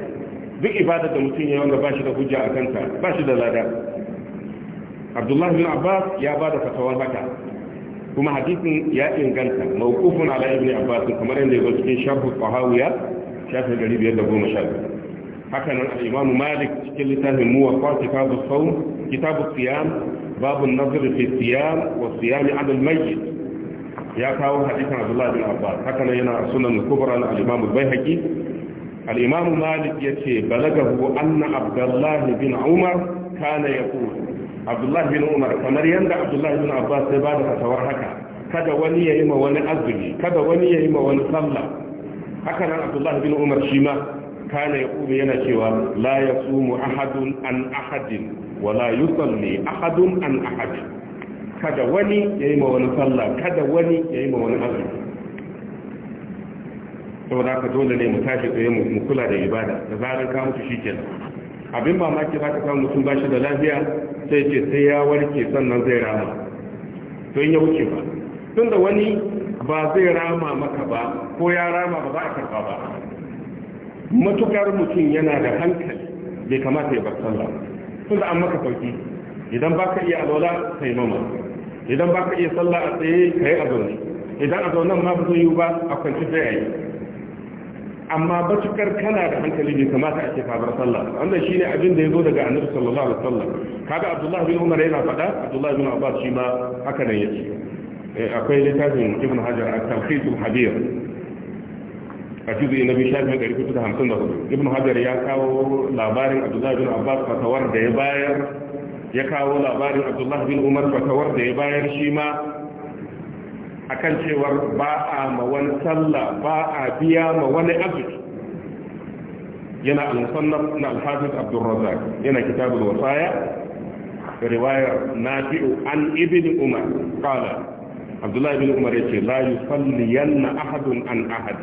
duk ibadar da mutum ya wanda ba shi da hujja a kanta ba shi da lada abdullahi bin abbas ya ba da fatawar haka kuma hadisin ya inganta mawqufun ala ibn abbas kamar yadda yake cikin sharh qahawiya biyar da haka nan al-imam malik cikin litafin muwaffaq kitab as-sawm kitab as-siyam bab an-nazr fi as wa siyam ala al ya kawo hadisin abdullah bin abbas haka nan yana sunan kubra na imam al-bayhaqi al-imam malik yace balagahu anna abdullah bin umar kana yaqulu abdullahi bin umar kamar yadda abdullahi bin abbas sai ba da fatawar haka kada wani ya yi ma wani azumi kada wani ya yi ma wani sallah haka nan abdullahi bin umar shi ma kana ya kuma yana cewa la ya sumu ahadun an ahadin wa la yusalli ahadun an ahadin kada wani ya yi ma wani sallah kada wani ya yi ma wani azumi da aka dole ne mu tashi tsaye mu kula da ibada da zarar ka mutu shikenan abin ba maki za ka samu mutum ba shi da lafiya sai ce sai ya warke sannan zai rama don ya wuce ba tun da wani ba zai rama maka ba ko ya rama ba za a karba ba matukar mutum yana da hankali bai kamata ya bar sallah tun da an maka sauki idan ba ka iya alwala sai mama idan ba ka iya sallah a tsaye ka yi a zaune idan a zaunan ma ba zai yi ba a kwanci sai a yi amma batukar kana da hankali bai kamata a ce ka sallah wannan shi ne abin da ya zo daga annabi sallallahu alaihi wasallam kaga abdullah bin umar yana faɗa abdullah bin abbas shi ma haka nan yace eh, akwai littafin ibn hajar at-talqis al-habir a juzu na biyu shafi ɗari kudu da hamsin da hudu ibn hajar ya kawo labarin abdullah bin abbas fatawar da ya bayar ya kawo labarin abdullah bin umar fatawar da ya bayar shi ma akan cewar ba a ma wani sallah ba a biya ma wani arziki yana al-musannaf na al-hafiz abdurrazzaq yana kitabul wasaya riwayar nafi'u an ibn umar qala abdullah ibn umar yace la yusalliyanna ahadun an ahad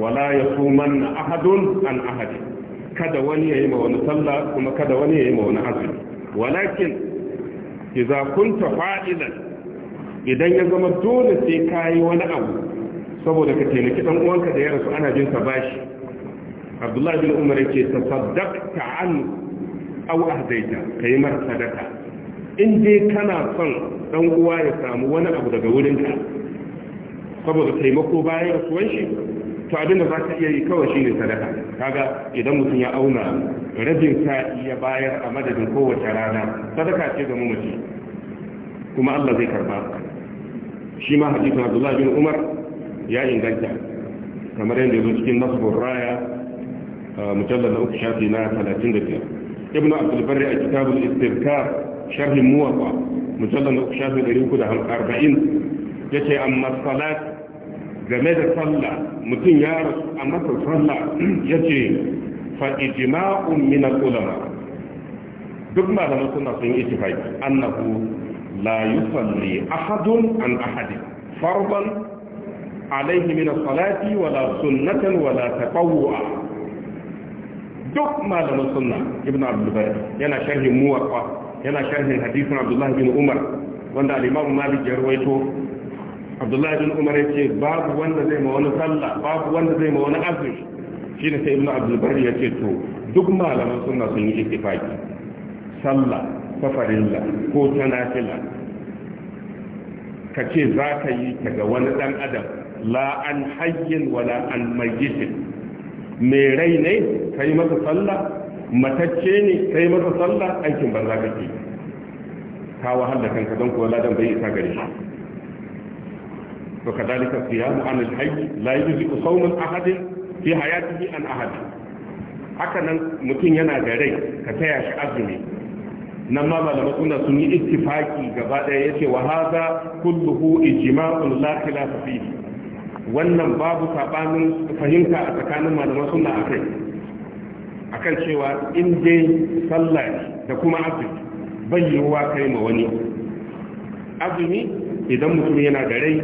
wa la yasumanna ahadun an ahad kada wani yayi ma wani sallah kuma kada wani yayi ma wani azumi walakin idza kunta fa'ilan idan ya zama dole sai ka yi wani abu saboda ka taimaki ɗan uwanka da ya rasu ana jin sa bashi abdullahi bin umar yake ta saddaqta an aw ahdaita kai mar sadaka in dai kana son ɗan uwa ya samu wani abu daga wurin ka saboda taimako bayan rasuwan shi to abin da ka iya yi kawai ne sadaka kaga idan mutum ya auna rabin sa'i ya bayar a madadin kowace rana sadaka ce ga mamaci kuma Allah zai karba shi ma hadisin abdullahi bin umar ya inganta kamar yadda ya cikin nasbun raya mujallar na uku shafi na 35 Ibn abdulbarri a kitabul istirkar sharhin muwafa mujallar na uku shafi Ya ce amma salat game da sallah mutum ya rasu a masa sallah Ya ce ijma'un min al-ulama duk malaman suna sun yi ittifaqi annahu la yusalli ahadun an ahadin farban alaihi min wala sunnatan wala taqawwa duk malaman sunna ibnu abdul bari yana sharhin muwaffa yana sharhin hadisin abdullahi bin umar wanda al-imam malik ya abdullahi bin umar ya babu wanda zai ma wani sallah babu wanda zai ma wani azumi shine sai ibnu abdul bari ya ce to duk malaman sunna sun yi ittifaki Salla. ta ko ta nafila ka ce za ka yi ta ga wani ɗan adam la an hayyin wala an mayyitin mai rai ne ka yi masa sallah matacce ne ka yi masa sallah aikin ba za ka ke ka wahala kanka don kuwa ladan bai isa gare shi to ka وكذلك الصيام عن الحي لا يجزئ صوم احد في حياته عن احد haka nan mutum yana da rai ka taya shi azumi nan ma malaman suna sun yi ittifaki gaba ɗaya yace wa hadha kulluhu ijma'un la khilafa fi wannan babu sabanin fahimta a tsakanin malaman suna akai akan cewa in dai sallah da kuma azumi bai yiwuwa kai ma wani azumi idan mutum yana da rai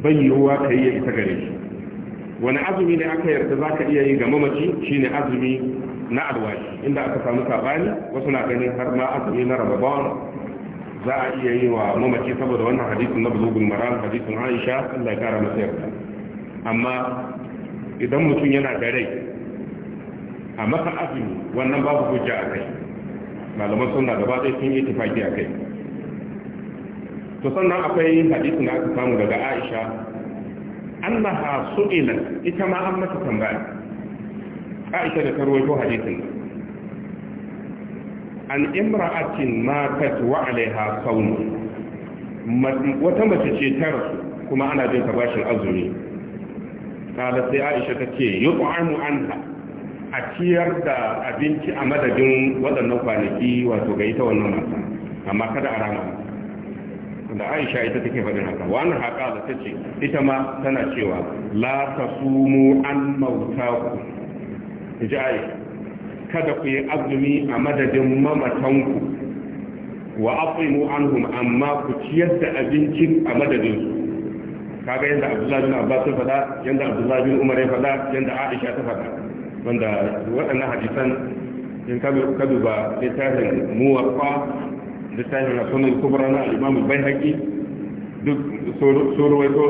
bai yiwuwa kai ya isa gare shi wani azumi ne aka yarda zaka iya yi ga mamaci shine azumi na alwashi inda aka samu sabani wasu na ganin har ma azumi na ramadan za a iya yi wa mamaci saboda wannan hadisin na bulugul maram hadisin aisha Allah ya kara masa yarda amma idan mutum yana da rai a maka azumi wannan babu hujja a kai malaman sunna gaba sun yi tafaki a kai to sannan akwai hadisin da aka samu daga aisha annaha su'ilat ita ma an mata tambaya aisha da tarwaito hadisin an imra'atin matat wa alaiha saum wata mace ce ta rasu kuma ana jin bashin azumi kala sai aisha ta ce an anha a ciyar da abinci a madadin waɗannan kwanaki wato ga ita wannan mata amma kada a rama da aisha ita take faɗin haka wannan haka da ta ce ita ma tana cewa la tasumu an mauta ku. in kada ku yi azumi a madadin mamatanku wa afimu anhum amma ku ciyar da abincin a madadin su kaga yanda abdullahi bin abbas ya faɗa yanda abdullahi bin umar ya faɗa yanda aisha ta faɗa wanda waɗannan hadisan in ka duba littafin muwaffa littafin sunan kubra na al-imam al-baihaqi duk surwaito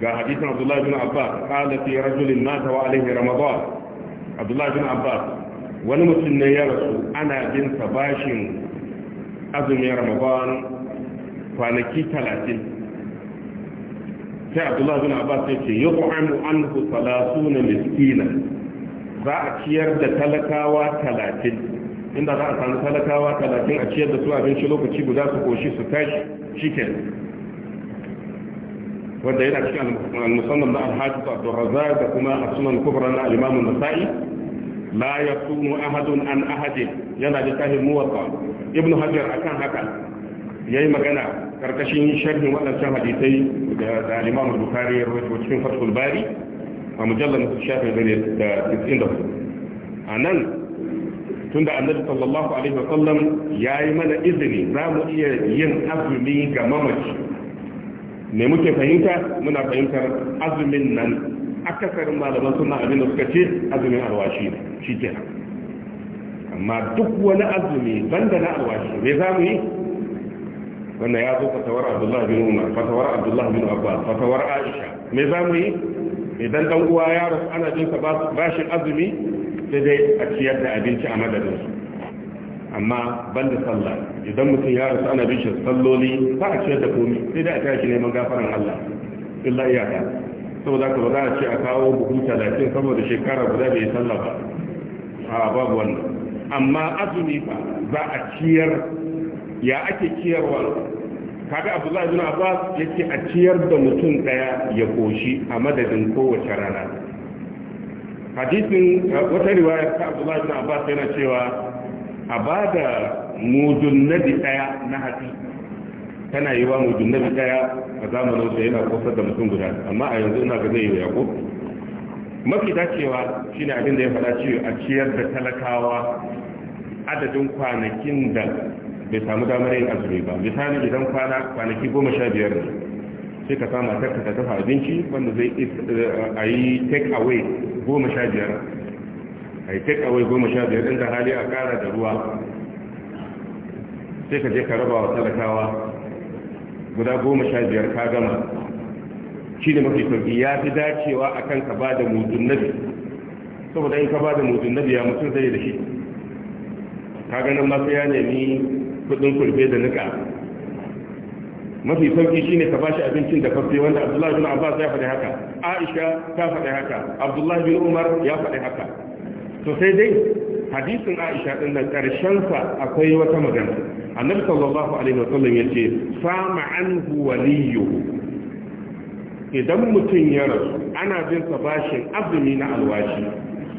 ga hadisan abdullahi bin abbas qala fi rajulin mata wa alayhi ramadan abdullahi bin abbas wani mutum ne ya rasu ana bin sa bashin azumin ramadan kwanaki talatin sai abdullahi bin abbas ya ce yi ƙwa'amu an salatu na miskina za a ciyar da talakawa talatin inda za a talakawa talatin a ciyar da su abinci lokaci guda su koshi su tashi shi wanda yana cikin al-musannaf na al-hafiz Abdurrazzaq da kuma as-sunan kubra na al-Imam an-Nasa'i la yasunu ahadun an ahadin yana da tahir muwatta ibnu hajar akan haka yayi magana karkashin sharhin waɗancan hadisai da al-Imam al-Bukhari ya rawaito cikin Fathul Bari a mujallar mutum shafi ne da 94 a nan tun da annabi sallallahu alaihi wasallam ya yi mana izini za mu iya yin azumi ga mamaci me muke fahimta muna fahimtar azumin nan akasarin malaman suna abin da suka ce azumin alwashi shi ke amma duk wani azumi banda na alwashi me za mu yi wannan ya zo fatawar abdullahi bin umar fatawar abdullahi bin abbas fatawar aisha me za mu yi idan dan uwa yaro ana jinsa bashin azumi sai dai a ciyar da abinci a madadinsu amma ban da sallah idan mutum ya rasu ana bin shi salloli ba a ciyar da komi sai da a tashi neman gafaran Allah illa iyaka saboda ka ba za a ce a kawo buhu talatin saboda shekara guda bai sallah ba a babu wannan amma azumi ba za a ciyar ya ake ciyarwa kaga abdullahi ibn abbas yake a ciyar da mutum daya ya koshi a madadin kowace rana hadisin wata riwaya ta abdullahi ibn abbas yana cewa a ba da mujunnabi ɗaya na hatsi tana yi wa mujunnabi daya a zamanin sa yana kusa da mutum guda amma a yanzu ina ga zai yi yaƙo mafi dacewa shine abin da ya faɗa cewa a ciyar da talakawa adadin kwanakin da bai samu damar yin azumi ba misali idan kwana kwanaki goma sha biyar ne sai ka sa matar ta dafa abinci wanda zai eh, a yi take away goma sha biyar Ai take away goma sha biyar ɗin da hali a ƙara da ruwa sai ka je ka raba wa talakawa guda goma sha biyar ka gama shi ne mafi sauki ya fi dacewa a kan ka ba da mutun nabi saboda in ka ba da mutum nabi ya mutum zai da shi ka ganin masu ya nemi kudin kurfe da nika mafi sauki shine ka bashi abincin da kafe wanda abdullahi bin abbas ya faɗi haka aisha ta faɗi haka abdullahi bin umar ya faɗi haka to sai dai hadisin Aisha din nan karshen sa akwai wata magana annabi sallallahu alaihi wasallam yace fama anhu waliyu idan mutum ya rasu ana bin sa bashin azumi na alwashi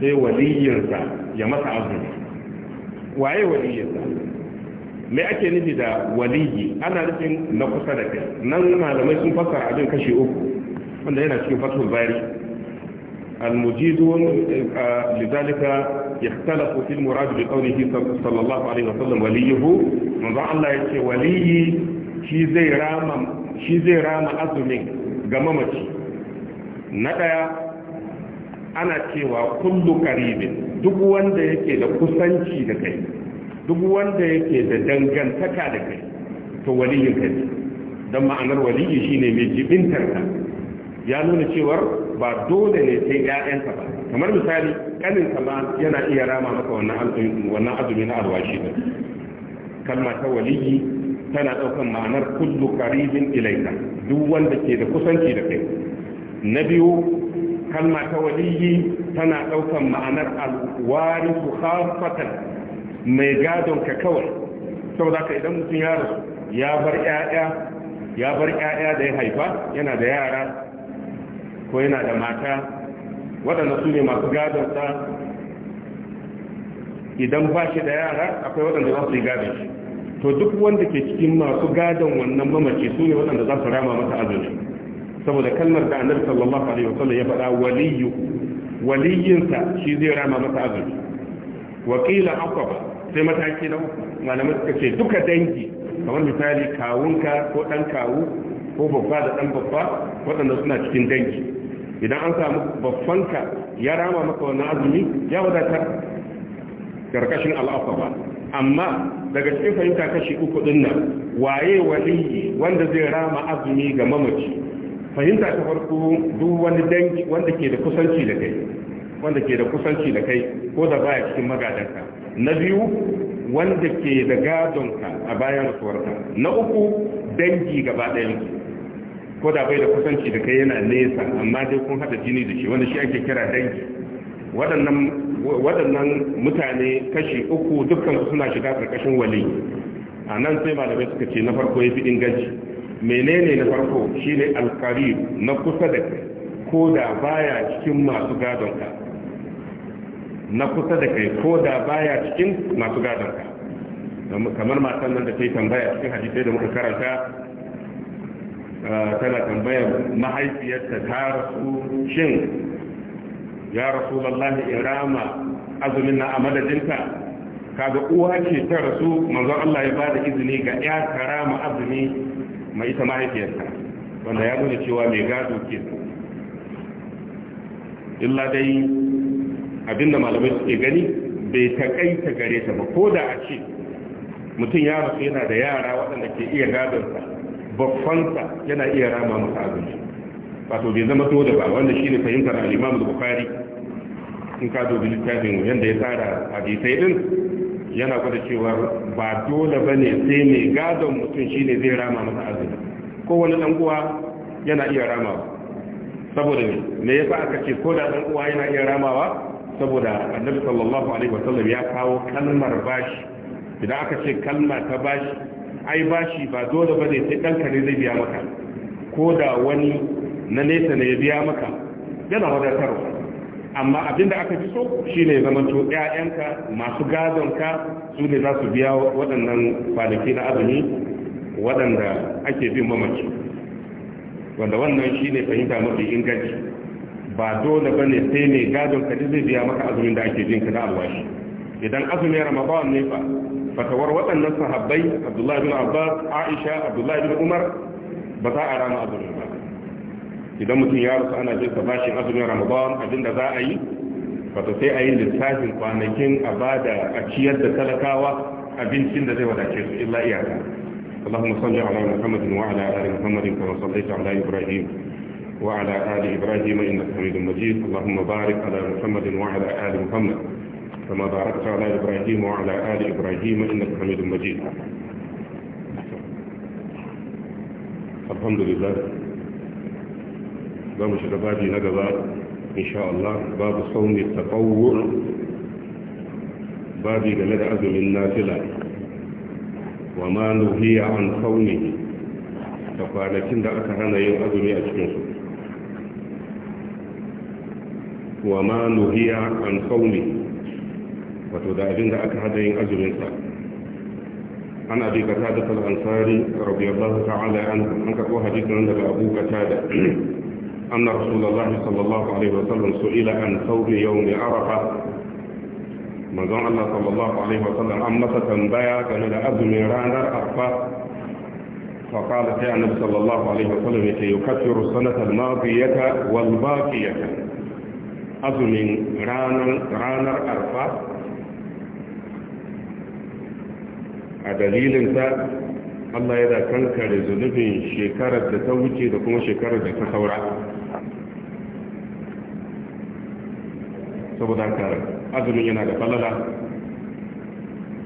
sai waliyinsa ya masa azumi waye waliyinsa mai ake nufi da waliyi ana nufin na kusa da kai nan malamai sun fassara abin kashi uku wanda yana cikin fatul bari المجيد لذلك يختلف في المراد بقوله صلى الله عليه وسلم وليه من ظهر الله يقول ولي شي زي رام شي زي رام ندايا أنا كيوا كل قريب duk wanda yake da kusanci da kai duk wanda yake da dangantaka da kai to waliyin ka don ma'anar waliyyi shine mai jibintar ka ya nuna cewar ba dole ne sai ƴaƴanka ba kamar misali kanin ka ma yana iya rama maka wannan azumi wannan azumi na alwashi ne kalma ta waliyi tana daukan ma'anar kullu qaribin ilayka duk wanda ke da kusanci da kai na biyu kalma ta waliyi tana ɗaukan ma'anar alwarisu khafatan mai gadon ka kawai saboda ka idan mutum ya ya bar ƴaƴa ya bar ƴaƴa da ya haifa yana da yara ko yana da mata waɗanda su ne masu gadonsa idan ba shi da yara akwai waɗanda za su yi gadon shi to duk wanda ke cikin masu gadon wannan mamaki su ne waɗanda za su rama masa azumi saboda kalmar da annabi sallallahu alaihi wa sallam ya faɗa waliyu waliyinsa shi zai rama masa azumi wakila aqaba sai mataki na uku malamai suka ce duka dangi kamar misali kawunka ko dan kawu ko babba da dan babba waɗanda suna cikin dangi idan an samu babbanka ya rama maka wani azumi ya wadatar karkashin al'afa ba amma daga cikin fahimta kashi uku din nan waye waliyi wanda zai rama azumi ga mamaci fahimta ta farko duk wani dangi wanda ke da kusanci da kai wanda ke da kusanci da kai ko da baya cikin magadanka na biyu wanda ke da gadonka a bayan rasuwarka na uku dangi gaba ɗayan ko da bai da kusanci da kai yana nesa amma dai kun hada jini da shi wanda shi ake kira dangi waɗannan mutane kashi uku dukkan su suna shiga ƙarƙashin wali a nan sai malamai suka ce na farko ya fi inganci menene na farko shine alqarib na kusa da kai ko da baya cikin masu ka na kusa da kai ko da baya cikin masu ka kamar matan nan da ta yi tambaya cikin hadisai da muka karanta tana tambayar mahaifiyarta ta rasu shin ya rasu lallahi irama azumin na a madadinta kaga uwa ce ta rasu manzon Allah ya bada izini ga ya karama azumi mai ita mahaifiyarta wanda ya nuna cewa mai gado ke illa dai abinda malamai suke gani bai takaita gare ta ba ko da a ce mutum ya rasu yana da yara waɗanda ke iya gadonsa babbansa yana iya rama masa azumi wato bai zama to da ba wanda shine fahimtar al-Imam Bukhari in ka dubi littafin yanda ya tsara hadisai din yana gwada cewa ba dole bane sai mai gadon mutum shine zai rama masa azumi ko wani dan uwa yana iya ramawa saboda me yasa aka ce ko da dan uwa yana iya ramawa saboda annabi sallallahu alaihi wasallam ya kawo kalmar bashi idan aka ce kalma ta bashi ai bashi ba dole ba ne sai ɗanka ne zai biya maka ko da wani na nesa ne ya biya maka yana wadatarwa amma abinda aka fi so shine ne zama to ƴaƴanka masu gadonka su ne za su biya waɗannan kwanaki na azumi waɗanda ake bin mamaci wanda wannan shine fahimta mafi inganci ba dole ba ne sai mai gadonka zai biya maka azumin da ake bin ka na alwashi idan azumin ramadan ne fa fatawar waɗannan sahabbai abdullahi bin abbas aisha abdullahi bin umar ba za a rama azumin ba idan mutum ya rasu ana jin bashin azumin ramadan abin da za a yi wato sai a yi lissafin kwanakin a ba da a ciyar da talakawa abincin da zai wadace su illa iyaka اللهم صل على محمد وعلى ال محمد كما صليت على ابراهيم وعلى ال ابراهيم انك حميد مجيد اللهم بارك على محمد وعلى ال محمد كما باركت على إبراهيم وعلى آل إبراهيم إنك حميد مجيد الحمد لله زم شغباجي نقبا إن شاء الله باب صوم التطوع بابي لمدى أزم النافلة وما نهي عن صومه فقال دا أكهانا يوم أشمسه وما نهي عن صومه wato da abin da aka hada yin azumin sa an abi qatada al ansari radiyallahu ta'ala anhu an ka ko hadisin daga abu qatada anna rasulullahi sallallahu alaihi wa sallam su'ila an sawm yawm arafa manzon Allah sallallahu alaihi wa sallam an masa tambaya game da azumin ranar arafa فقال يا النبي صلى الله عليه وسلم يكفر السنة الماضية والباقية أظن ranar ranar arfa a dalilinsa Allah yana kankare zunubin shekarar da ta wuce da kuma shekarar da ta saura saboda haka azumin yana da falala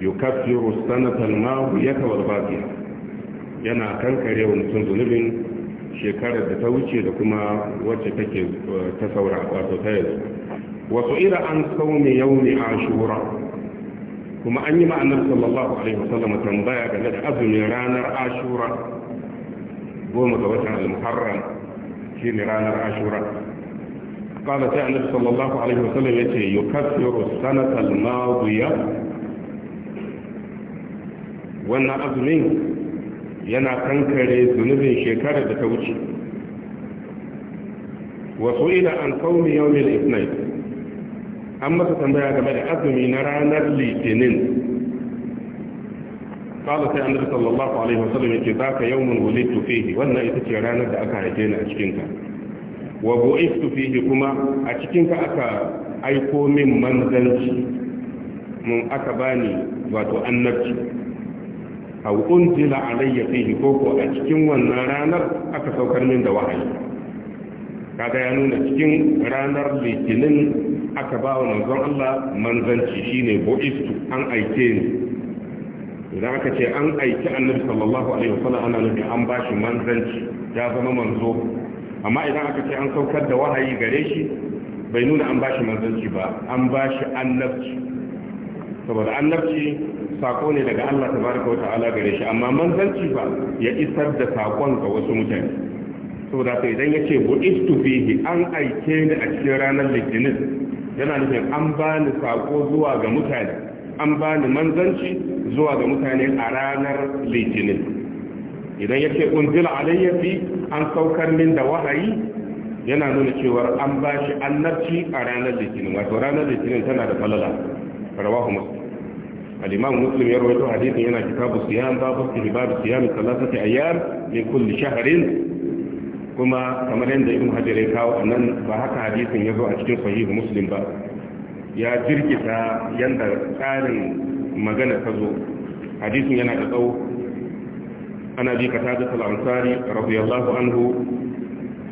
yukaffiru sanatal mawiyata wal baqiya yana kankare wa mutum zunubin shekarar da ta wuce da kuma wacce take eh, ta saura wato ta yanzu wasu ila an saumi a ashura kuma an yi ma'anar sallallahu alaihi wasallam tambaya game da azumin ranar ashura goma ga watan al-muharram shi ne ranar ashura قال تعالى صلى الله عليه وسلم يكفر السنة الماضية wannan azumin yana kankare zunubin shekarar da ta wuce wasu ila an kauni yawmin isnai an masa tambaya game da azumi na ranar litinin kala sai annabi sallallahu alaihi wa wasallam yake zaka yawmun wulidtu fihi wannan ita ce ranar da aka haife ni a cikin ta wa bu'istu fihi kuma a cikin ka aka aiko min manzanci mun aka bani wato annabci aw unzila alayya fihi ko ko a cikin wannan ranar aka saukar min da wahayi kaga ya nuna cikin ranar litinin aka ba wa manzon Allah manzanci shine bu'istu an aike ni idan aka ce an aiki annabi sallallahu alaihi wasallam ana nufi an bashi manzanci ya zama manzo amma idan aka ce an saukar da wahayi gare shi bai nuna an bashi manzanci ba an bashi shi annabci saboda annabci sako ne daga Allah tabaraka wa ta'ala gare shi amma manzanci ba ya isar da sakon ga wasu mutane saboda sai idan ce bu'istu fihi an aike ni a cikin ranar litinin yana nufin an ba ni sako zuwa ga mutane an ba ni manzanci zuwa ga mutane a ranar litinin idan ya ce unzila alayyafi an saukar min da wahayi yana nuna cewa an ba shi annabci a ranar litinin wato ranar litinin tana da falala rawahu muslim al-imam muslim ya rawaito hadithin yana kitabu siyam babu sihbabu siyam salatati ayyam min kulli shahrin kuma kamar yadda ibn hajar ya kawo a nan ba haka hadisin ya zo a cikin sahihu muslim ba ya jirkita yadda tsarin magana ta zo hadisin yana da tsawo ana bi ka tada al-ansari radiyallahu anhu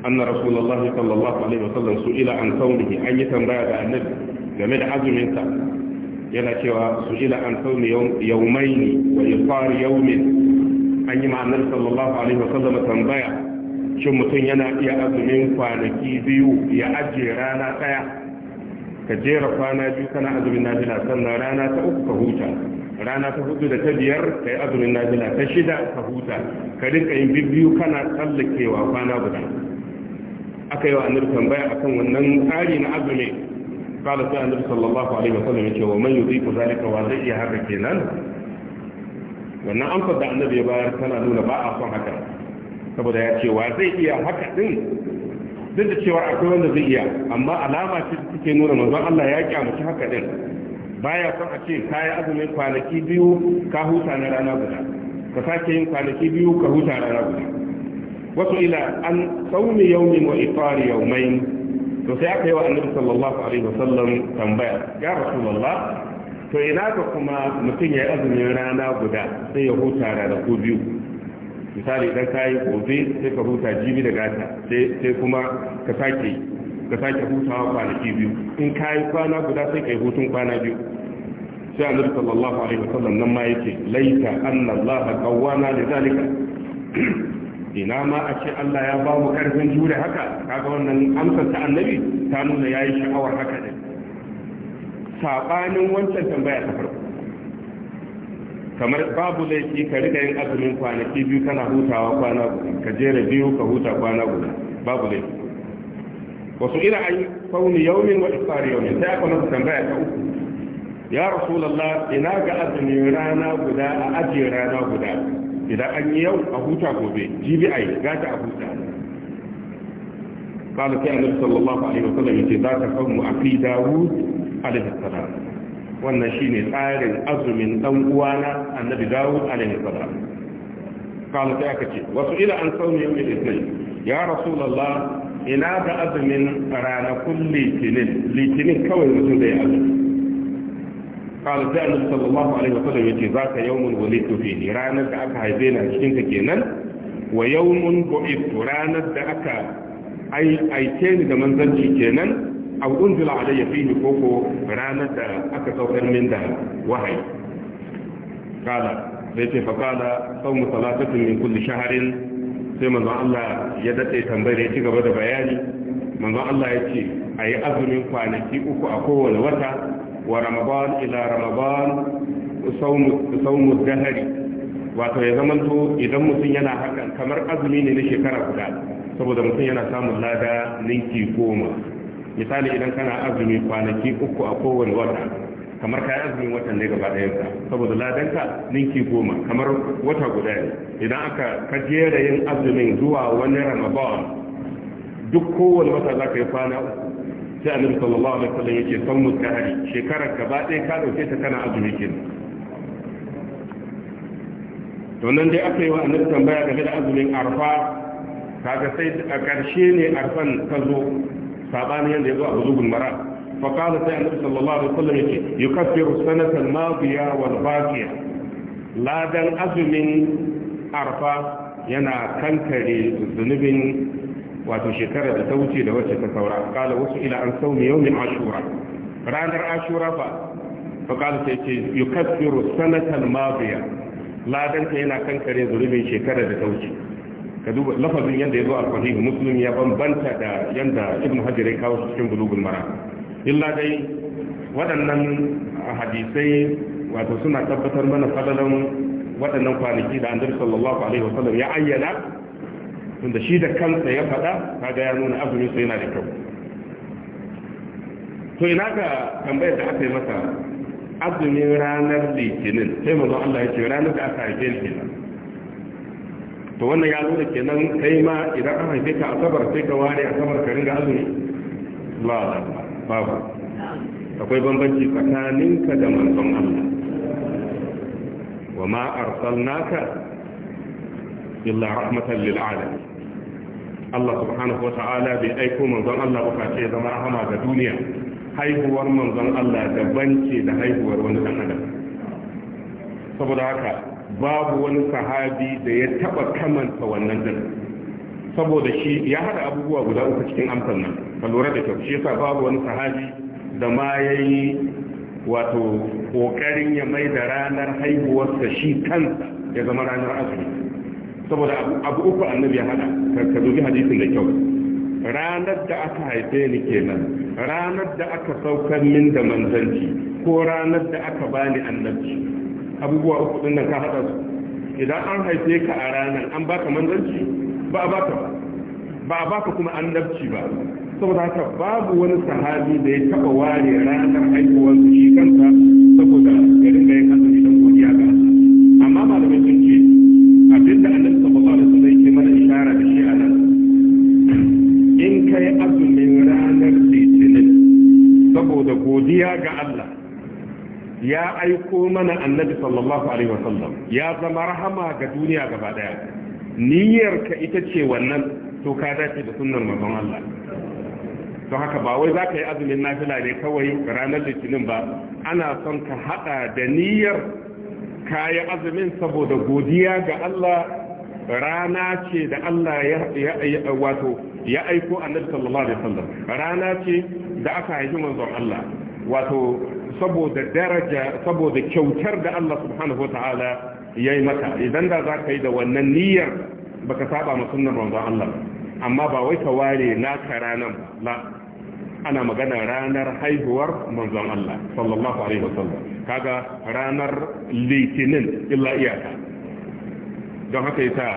anna rasulullahi sallallahu alaihi wasallam ila an sawmihi an yi tambaya ga annabi game da azumin yana cewa su ila an sawmi yawmaini wa ifar yawmin an yi ma'anar sallallahu alaihi wasallam tambaya shin mutum yana iya azumin kwanaki biyu ya ajiye rana ɗaya ka jera kwana biyu kana azumin nafila sannan rana ta uku ka huta rana ta hudu da ta biyar ka yi azumin nafila ta shida ka huta ka rinka yin biyu kana tsallakewa kwana guda aka yi wa annabi tambaya akan wannan tsari na azumi qala sai annabi sallallahu alaihi wasallam yace wa man yudhiku zalika wa zai iya haka kenan wannan amsar da annabi ya bayar tana nuna ba a son haka saboda ya ce wa zai iya haka din duk da cewa akwai wanda zai iya amma alama ce da take nuna manzon Allah ya kyamaci haka din baya son a ce ka yi azumin kwanaki biyu ka huta na rana guda ka sake yin kwanaki biyu ka huta rana guda wasu ila an saumi yaumi wa ifari yaumain to sai aka yi wa annabi sallallahu alaihi wasallam tambaya ya rasulullah to ina ka kuma mutum ya yi azumin rana guda sai ya huta rana ko biyu misali idan ka yi gobe sai ka huta jibi da gata sai kuma ka sake ka sake hutawa kwanaki biyu in ka yi kwana guda sai ka yi hutun kwana biyu sai annabi sallallahu alaihi wasallam nan ma yake laita anna allah qawwana li zalika ina ma a ce Allah ya ba mu karfin jure haka kaga wannan amsar ta annabi ta nuna yayi sha'awar haka ne sabanin wancan tambaya ta farko kamar babu laifi ka riga yin azumin kwanaki biyu kana hutawa kwana guda ka jera biyu ka huta kwana guda babu laifi wasu ila an fauni yaumin wa ifari yaumin sai aka nasu tambaya ta uku ya rasulallah ina ga azumin rana guda a ajiye rana guda idan an yi yau a huta gobe jibi a yi gata a huta قال كان النبي صلى الله عليه وسلم mu a أبي داود عليه Salam. wannan shi ne tsarin azumin dan uwana annabi dawud alaihi salam kala sai aka ce wasu ila an sauni yau mai ya rasulullah ina da azumin ranakun litinin litinin kawai mutum da ya azumi kala sai annabi sallallahu alaihi wasallam yau mun wani walitu ne ranar da aka haife ni a cikin ka kenan wa yau mun bu'ithu ranar da aka aike ni da manzanci kenan أو أنزل علي فيه فوق رانة أكثر من منها وهي قال بيتي فقال صوم ثلاثة من كل شهر ثم ذا الله يدتي تنبري تقبل بدا بياني من ذا الله يتي أي أظن فانتي أكو أكو الوتا ورمضان إلى رمضان صوم صوم الدهر wato ya zama to idan mutum yana hakan kamar azumi ne na shekara guda saboda mutum yana samun lada ninki goma misali idan kana azumi kwanaki uku a kowane wata kamar ka yi azumin watan ne gaba ɗaya ka saboda ladanka ninki goma kamar wata guda ne idan aka ka jera yin azumin zuwa wani ramadan duk kowane wata za ka yi kwana uku sai annabi sallallahu alaihi wasallam yake son muskahari shekarar gaba ɗaya ka ɗauke ta kana azumi kenan to nan dai aka yi wa annabi tambaya game da azumin arfa kaga sai a ƙarshe ne arfan ta zo da ya zo a bulugul mara fa qala sai annabi sallallahu alaihi wasallam yake yukaffiru sanata al-madiya wal baqiya ladan azumin arfa yana kankare zunubin wato shekara da ta wuce da wacce ta saura Kala wasu ila an sawmi yawmin ashura ranar ashura fa fa qala sai ce yukaffiru sanata al-madiya ladan ta yana kankare zunubin shekara da ta wuce ka duba lafazin yanda ya zo a muslim ya bambanta da yanda ibn hajar ya kawo cikin bulugul mara illa dai waɗannan hadisai wato suna tabbatar mana fadalan waɗannan kwanaki da annabi sallallahu alaihi wasallam ya ayyana tunda shi da kansa ya faɗa kaga ya nuna azumin sai yana da kyau to ina ga tambayar da aka yi masa azumin ranar litinin sai manzon Allah ya ce ranar da aka haife ni kenan to wannan ya nuna kenan kai ma idan an haife ka asabar sai ka ware asabar ka ringa azumi la babu akwai bambanci tsakaninka da manzon Allah wa ma arsalnaka illa rahmatan lil alamin Allah subhanahu wa bai aiko manzon Allah ba face zama rahama ga duniya haihuwar manzon Allah daban ce da haihuwar wani dan adam saboda haka babu wani sahabi da ya taba kamanta wannan din saboda shi ya hada abubuwa guda uku cikin amsar nan ka lura da kyau shi yasa babu wani sahabi da ma yayi wato kokarin ya mai da ranar haihuwarsa shi kansa ya zama ranar azumi saboda abu uku annabi ya hada ka dubi hadisin da kyau ranar da aka haife ni kenan ranar da aka saukar min da manzanci ko ranar da aka bani annabci abubuwa uku din nan ka hada su idan an haife ka a ranar an baka manzanci ba a baka ba a baka kuma an dabci ba saboda haka babu wani sahabi da ya taba ware ranar haihuwar shi kansa saboda mana annabi sallallahu alaihi wasallam ya zama rahama ga duniya gaba daya ka ita ce wannan to ka dace da sunnar manzon Allah to haka ba wai za ka yi azumin nafila ne kawai ranar litinin ba ana son ka hada da niyyar yi azumin saboda godiya ga Allah rana ce da Allah ya wato ya aiko annabi sallallahu alaihi wasallam rana ce da aka haifi manzon Allah wato saboda daraja saboda kyautar da Allah subhanahu wataala yayi mata idan da za ka yi da wannan niyyar baka saba ma sunan manzon Allah amma ba wai ka ware naka ranar ana magana ranar haihuwar manzon Allah sallallahu alaihi wasallam kaga ranar litinin illa iyaka don haka yasa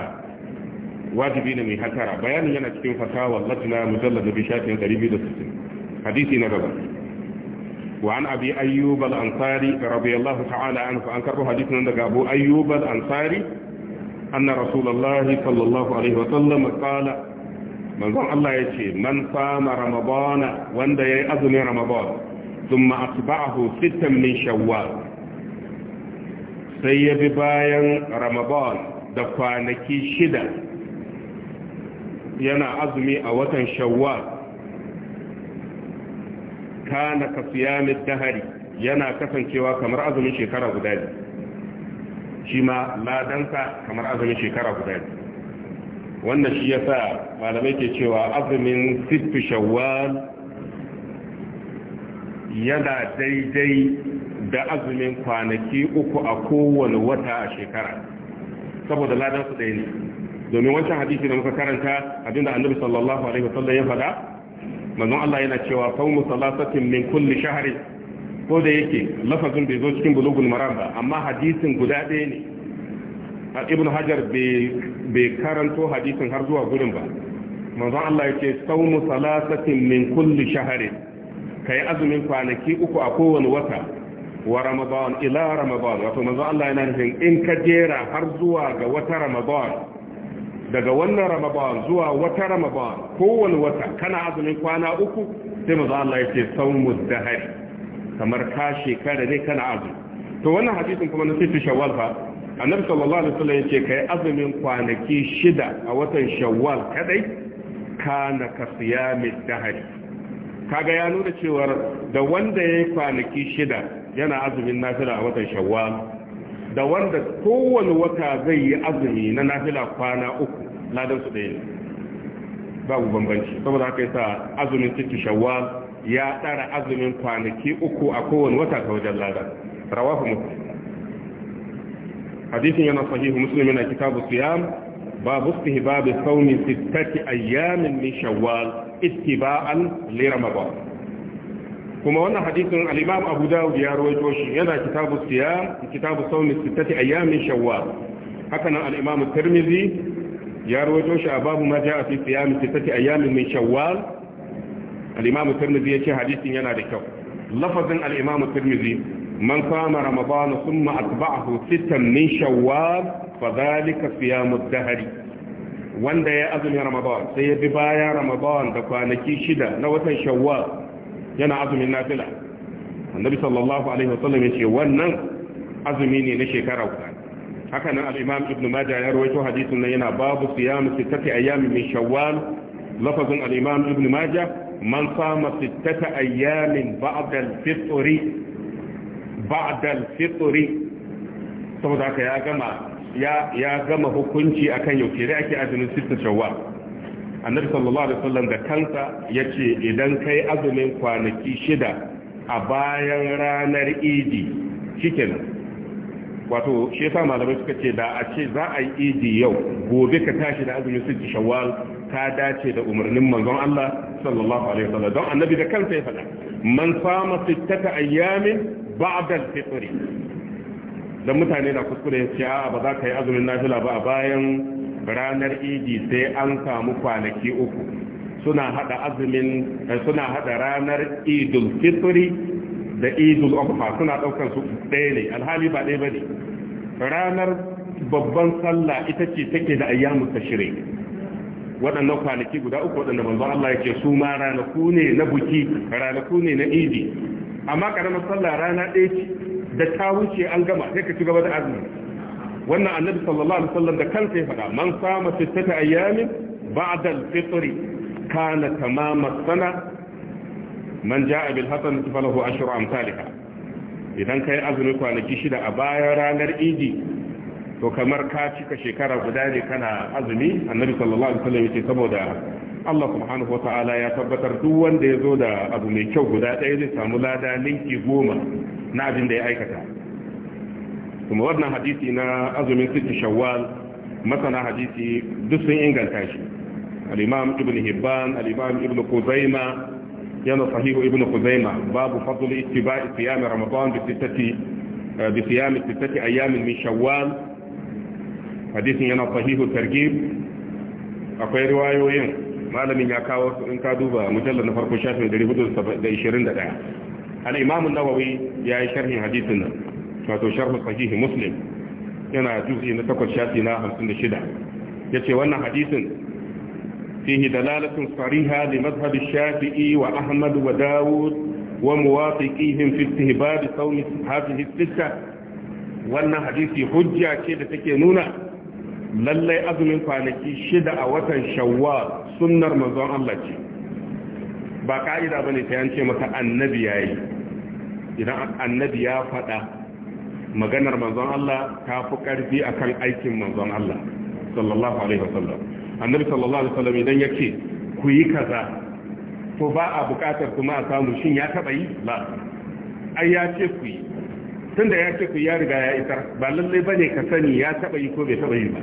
wajibi ne mai hatara bayanin yana cikin fatawa latna mujallad bi shafin 260 hadisi na gaba وعن أبي أيوب الأنصاري رضي الله تعالى عنه فأنكره حديثنا عند أبو أيوب الأنصاري أن رسول الله صلى الله عليه وسلم قال من ظن الله يشي من صام رمضان وند يأذن رمضان ثم أتبعه ستا من شوال سيب بايا رمضان دفانكي شدة yana azumi a watan shawwal kana ka siyamid dahari yana kasancewa kamar azumin shekara guda ne shi ma ladansa kamar azumin shekara guda ne wannan shi ya sa malamai ke cewa azumin sittu shawwal yana daidai da azumin kwanaki uku a kowane wata a shekara saboda ladansu ɗaya ne domin wancan hadisi da muka karanta abinda annabi sallallahu alaihi wasallam ya faɗa manzon Allah yana cewa sawmu salasatin min kulli shahri ko da yake lafazin bai zo cikin bulugul maram ba amma hadisin guda ɗaya ne ibn hajar bai karanto hadisin har zuwa gurin ba manzon Allah yake sawmu salasatin min kulli shahri kai azumin kwanaki uku a kowane wata wa ramadan ila ramadan wato manzon Allah yana nufin in ka jera har zuwa ga wata ramadan daga wannan ramadan zuwa wata ramadan kowane wata kana azumin kwana uku sai maza Allah ya ce saumu dahar kamar ka shekara ne kana azumi to wannan hadisin kuma na sifi shawwal fa annabi sallallahu alaihi wasallam yace kai azumin kwanaki shida a watan shawwal kadai kana ka siyami dahar kaga ya nuna cewa da wanda yayi kwanaki shida yana azumin nafila a watan shawwal da wanda kowane wata zai yi azumi na nafila kwana uku ladan su ɗaya ne babu bambanci saboda haka yasa azumin cikin shawwal ya tsara azumin kwanaki uku a kowane wata ta wajen lada rawahu muslim hadisin yana sahihu muslim yana kitabu siyam babu istihbab sawmi sittati ayyamin min shawwal ittiba'an li ramadan kuma wannan hadisin al-Imam Abu Dawud ya rawaito shi yana kitabu siyam kitabu sawmi sittati ayyamin shawwal haka nan al-Imam Tirmidhi ya rawaito shi a babu ma ja'a fi siyam sittati ayyamin min shawwal al-Imam Tirmidhi yace hadisin yana da kyau lafazin al-Imam Tirmidhi man qama ramadan thumma atba'ahu sittan min shawwal fadhalika siyam ad-dahr wanda ya azumi ramadan sai ya bi bayan ramadan da kwanaki shida na watan shawwal yana azumin nafila annabi sallallahu alaihi wasallam ya ce wannan azumi ne na shekara guda haka nan al-imam ibnu majah ya rawaito hadisin nan yana babu siyam sittati ayami min shawwal lafazin al-imam ibnu majah man sama sittata ayami ba'da al-fitri ba'da al-fitri saboda haka ya gama ya ya gama hukunci akan yau kire ake azumin sittin shawwal annabi sallallahu alaihi wasallam da kansa yace idan kai azumin kwanaki shida a bayan ranar idi cikin wato shi yasa malamai suka ce da a ce za a yi idi yau gobe ka tashi da azumin sittin shawwal ta dace da umarnin manzon Allah sallallahu alaihi wasallam don annabi da kansa ya faɗa man sama sittata ayyamin ba'da al-fitr dan mutane na kuskure ya ce a ba za ka yi azumin nafila ba a bayan ranar idi sai an samu kwanaki uku suna hada azumin eh, suna hada ranar idul fitri da idul adha suna daukar su ɗaya ne alhali ba ɗaya bane ranar babban sallah ita ce take da ayyamu tashrik waɗannan kwanaki guda uku waɗanda manzon Allah yake su ma ranaku ne na buki ranaku ne na idi amma karamar sallah rana ɗaya ce da ta wuce an gama sai ka ci gaba da azumi wannan annabi sallallahu alaihi wasallam da kansa ya faɗa man sama sittata ayyamin ba'da al-fitr kana tamama sana man ja'a bil hasan falahu ashru amsalika idan kai azumi kwanaki shida a bayan ranar idi to kamar ka cika shekara guda ne kana azumi annabi sallallahu alaihi wasallam yace saboda Allah subhanahu ta'ala ya tabbatar duk wanda ya zo da abu mai kyau guda ɗaya zai samu lada ninki goma na abin da ya aikata ثم وردنا حديثي إن أظهر من ست شوال مثلا حديثي دسين إنجل تاشي الإمام ابن هبان الإمام ابن قزيمة يانا صحيح ابن قزيمة باب فضل اتباع صيام رمضان بستة ستة أيام من شوال حديث ينا صحيح ترجيب أخير رواية وين ما لم يكاو إن كادوبا مجلد نفر كشاف من دريبوتو دا الإمام النووي يا شرح حديثنا wato sharh sahih muslim yana juz'i na takwas shafi na Ya yace wannan hadisin fihi dalalatun sariha li madhhab ash-shafi'i wa ahmad wa Dawud, wa muwafiqihim fi istihbab sawm hadhihi as wannan hadisi hujja ce da take nuna lallai azumin kwanaki shida a watan shawwal sunnar manzon Allah ce ba ka'ida bane sai an ce maka annabi yayi idan annabi ya faɗa maganar manzon Allah ta fi ƙarfi akan aikin manzon Allah sallallahu alaihi wasallam annabi sallallahu alaihi wasallam idan yake ku yi kaza to ba a buƙatar kuma a samu shin ya taɓa yi ba ai ya ce ku yi tunda ya ce ku ya riga ya isar ba lallai bane ka sani ya taɓa yi ko bai taɓa yi ba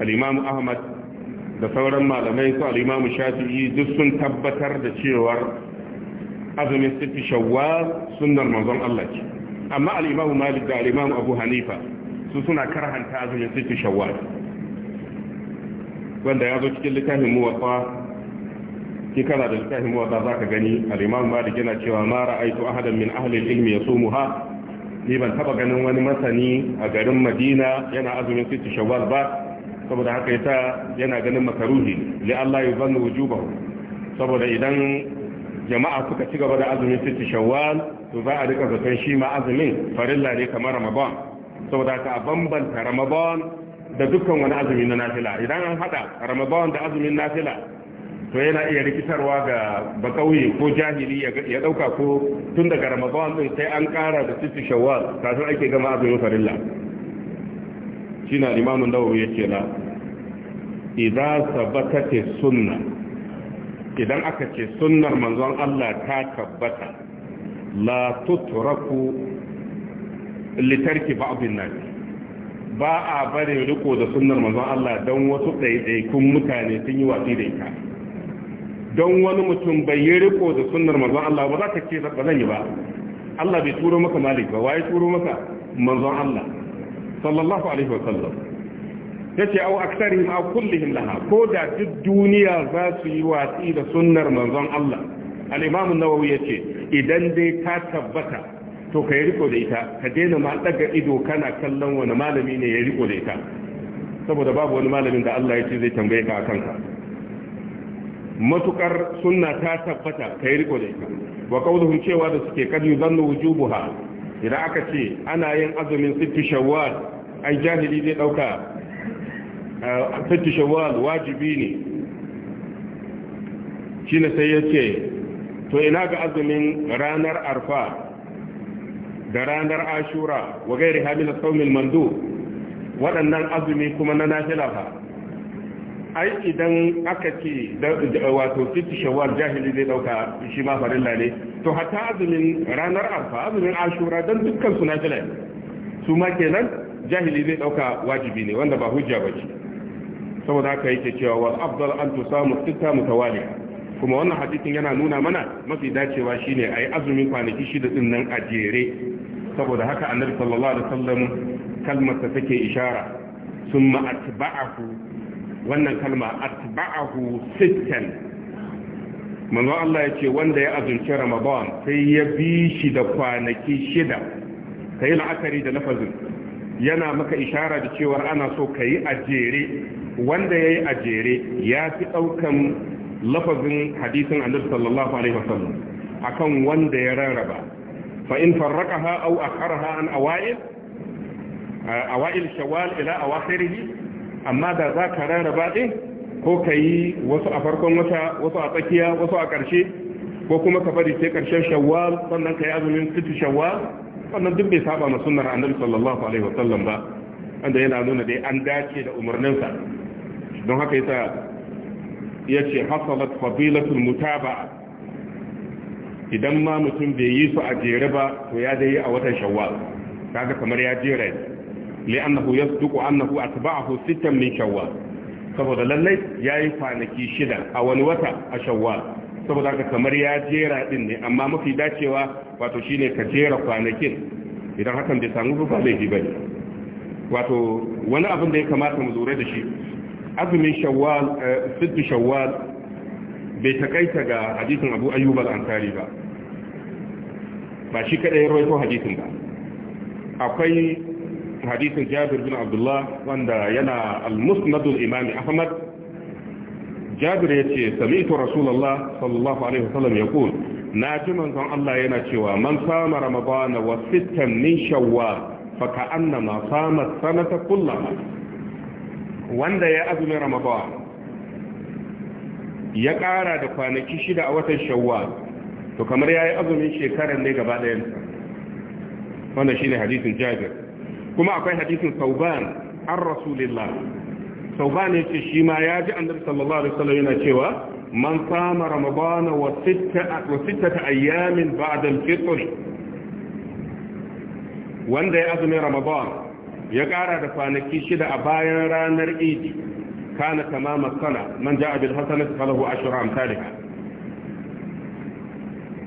al-imam Ahmad da sauran malamai su al-imam Shafi'i duk sun tabbatar da cewar azumin sitti shawwal sunnar manzon Allah ce amma al malik da al abu hanifa su suna karhanta azumin siti shawwal wanda ya zo cikin littafin muwatta ki kana da littafin za zaka gani al malik yana cewa mara ra'aitu ahadan min ahli ya ilmi muha ni ban taba ganin wani masani a garin madina yana azumin siti shawwa ba saboda haka yasa yana ganin makaruhi li Allah ya zanna wujubahu saboda idan jama'a suka ci gaba da azumin titi shawwal to za a rika zaton shi ma azumin farilla ne kamar ramadan saboda ka bambanta ramadan da dukkan wani azumi na nafila idan an hada ramadan da azumin nafila to yana iya rikitarwa ga bakauye ko jahili ya dauka ko tun daga ramadan din sai an kara da sitti shawwal kafin ake gama azumin farilla shi na imam an-nawawi yake na idza sabatati sunnah idan aka ce sunnar manzon Allah ta tabbata la tutraku litarki ba'dhin nas ba a bare riko da sunnar manzon Allah don wasu ɗaiɗaikun mutane sun yi watsi da ita don wani mutum bai yi riko da sunnar manzon Allah ba za ka ce ba zan yi ba Allah bai turo maka malik ba waye turo maka manzon Allah sallallahu alaihi wa sallam yace au aktarihim aw kullihim laha ko da duk duniya za su yi watsi da sunnar manzon Allah al-imam an-nawawi yace idan dai ka tabbata to kai riko da ita ka daina ma daga ido kana kallon wani malami ne ya riko da ita saboda babu wani malamin da Allah yace zai tambaye ka akan ka matukar sunna ta tabbata kai riko da ita wa qawluhum cewa da suke kad yuzannu wujubuha idan aka ce ana yin azumin sittu shawwal ai jahili zai dauka sattu shawwal wajibi ne Shi shine sai yace to ina ga azumin ranar arfa da ranar ashura wa gairi hamil saumil mandu waɗannan azumi kuma na nafila fa ai idan aka ce wato fitu shawwal jahili zai ɗauka, shi ma farilla ne to hatta azumin ranar arfa azumin ashura don dukkan su nafila su ma kenan jahili zai ɗauka wajibi ne wanda ba hujja ba ce saboda haka yake cewa wal afdal an tusamu sitta mutawali kuma wannan hadisin yana nuna mana mafi dacewa shine ayi azumin kwanaki shida din nan a jere saboda haka annabi sallallahu alaihi wasallam kalmar ta take ishara summa atba'ahu wannan kalma atba'ahu sittan manzo Allah ya ce wanda ya azumci Ramadan sai ya bi shi da kwanaki shida kai la'akari da lafazin yana maka ishara da cewa ana so kai a jere wanda ya yi a jere ya fi ɗaukan lafazin hadisin annabi sallallahu alaihi wasallam akan wanda ya rarraba fa in farraqaha aw akharaha an awa'il awa'il shawwal ila awakhirih amma da za ka rarraba din ko kai wasu a farkon wata wasu a tsakiya wasu a ƙarshe ko kuma ka bari sai ƙarshen shawwal sannan ka yi azumin fitu shawwal sannan duk bai saba ma sunnar annabi sallallahu alaihi wasallam ba wanda yana nuna dai an dace da umarninsa don haka yasa ya ce hasalat fadilatul mutaba idan ma mutum bai yi su a jere ba to ya dai a watan shawwal kaga kamar ya jere li'annahu yasduqu annahu atba'ahu sittan min shawwal saboda lallai yayi kwanaki shida a wani wata a shawwal saboda haka kamar ya jera din ne amma mafi dacewa wato shine ka jera kwanakin idan hakan bai samu ba zai ji bane wato wani abin da ya kamata mu zure da shi azumin shawwal eh, siddu shawwal bai takaita ga hadisin abu ayyub al-ansari ba ba shi kadai ya rawaito hadisin ba akwai hadisin jabir bin abdullah wanda yana al-musnad imam ahmad jabir yace sami'tu rasulullah sallallahu alaihi wasallam yaqul na ji manzon Allah yana cewa man sama ramadana wa sittan min shawwal faka annama samat sanata kullama wanda ya azumi ramadan ya kara da kwanaki shida a watan shawwal to kamar yayi azumin shekarar ne gaba ɗayan wannan shine hadisin jabir kuma akwai hadisin sauban an rasulillah sauban ce shi ma ya ji annabi sallallahu alaihi wasallam yana cewa man sama ramadana wa sittata ayyamin ba'da al-fitr wanda ya azumi ramadan ya ƙara da kwanaki shida a bayan ranar idi kana tamama sana man ja'a bil hasanati falahu ashru amsalha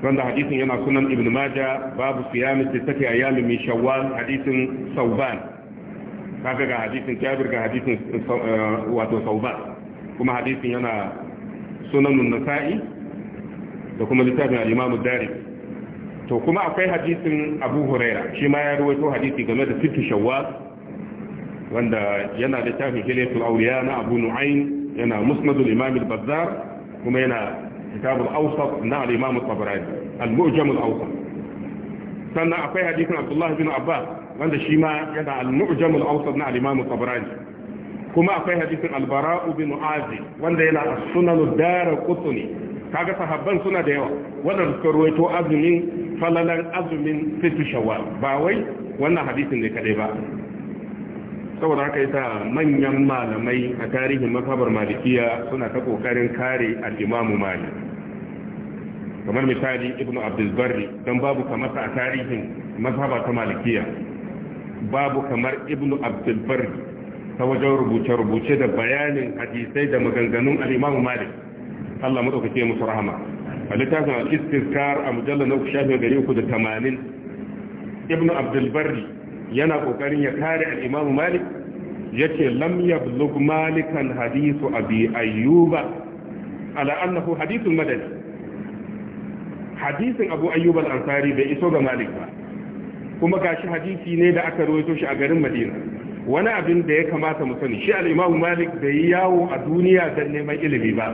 wanda hadisin yana sunan ibn majah babu siyam sittati ayami min shawwal hadisin sauban kaga ga hadisin jabir ga hadisin eh, wato sauban kuma hadisin yana sunan nasa'i da kuma littafin al-imam ad-dari to kuma akwai hadisin abu huraira shi ma ya ruwaito hadisi game da fitu shawwal wanda yana da tafi hilatul auliya na abu nu'ayn yana musnadul imam al-bazzar kuma yana kitabul awsat na al-imam al-tabarani al-mu'jam al-awsat sannan akwai hadisin abdullah bin abbas wanda shi ma yana al-mu'jam al-awsat na al-imam al-tabarani kuma akwai hadisin al-bara bin azib wanda yana as-sunan ad dar al-qutni kaga sahabban suna da yawa wannan suka azumin falalan azumin fitu shawwal ba wai wannan hadisin ne kadai ba saboda haka yasa manyan malamai a tarihin masabar malikiya suna ta kokarin kare al-imam malik kamar misali ibnu abdul barri dan babu kamar sa a tarihin masaba ta malikiya babu kamar ibnu abdul barri ta wajen rubuce-rubuce da bayanin hadisai da maganganun al-imam malik Allah madaukake musu rahama a littafin al-istizkar a mujallal na shafi gari uku da 80 ibnu abdul barri yana kokarin ya kare al-imamu malik yace lam yablugh malikan hadithu abi ayyuba ala annahu hadithul madani hadisin abu ayyub al-ansari bai iso ga malik ba kuma gashi hadisi ne da aka rawaito shi a garin madina wani abin da ya kamata mu sani shi al malik bai yawo a duniya don neman ilimi ba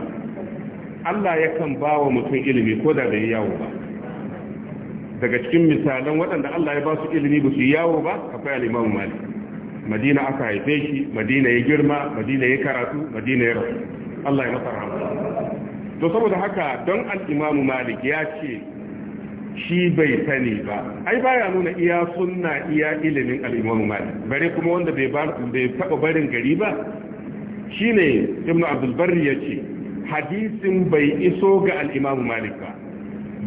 Allah yakan ba wa mutum ilimi ko da bai yawo ba daga cikin misalan waɗanda Allah ya ba su ilimi ba su yawo ba a al-Imam mali Madina aka haife shi Madina ya girma Madina ya karatu Madina ya rasu Allah ya masa rahama to saboda haka don al-Imam Malik ya ce shi bai sani ba ai baya nuna iya sunna iya ilimin al-Imam Malik bare kuma wanda bai bai barin gari ba shine ibnu Abdul Barri ce. hadisin bai iso ga al'imamu malik ba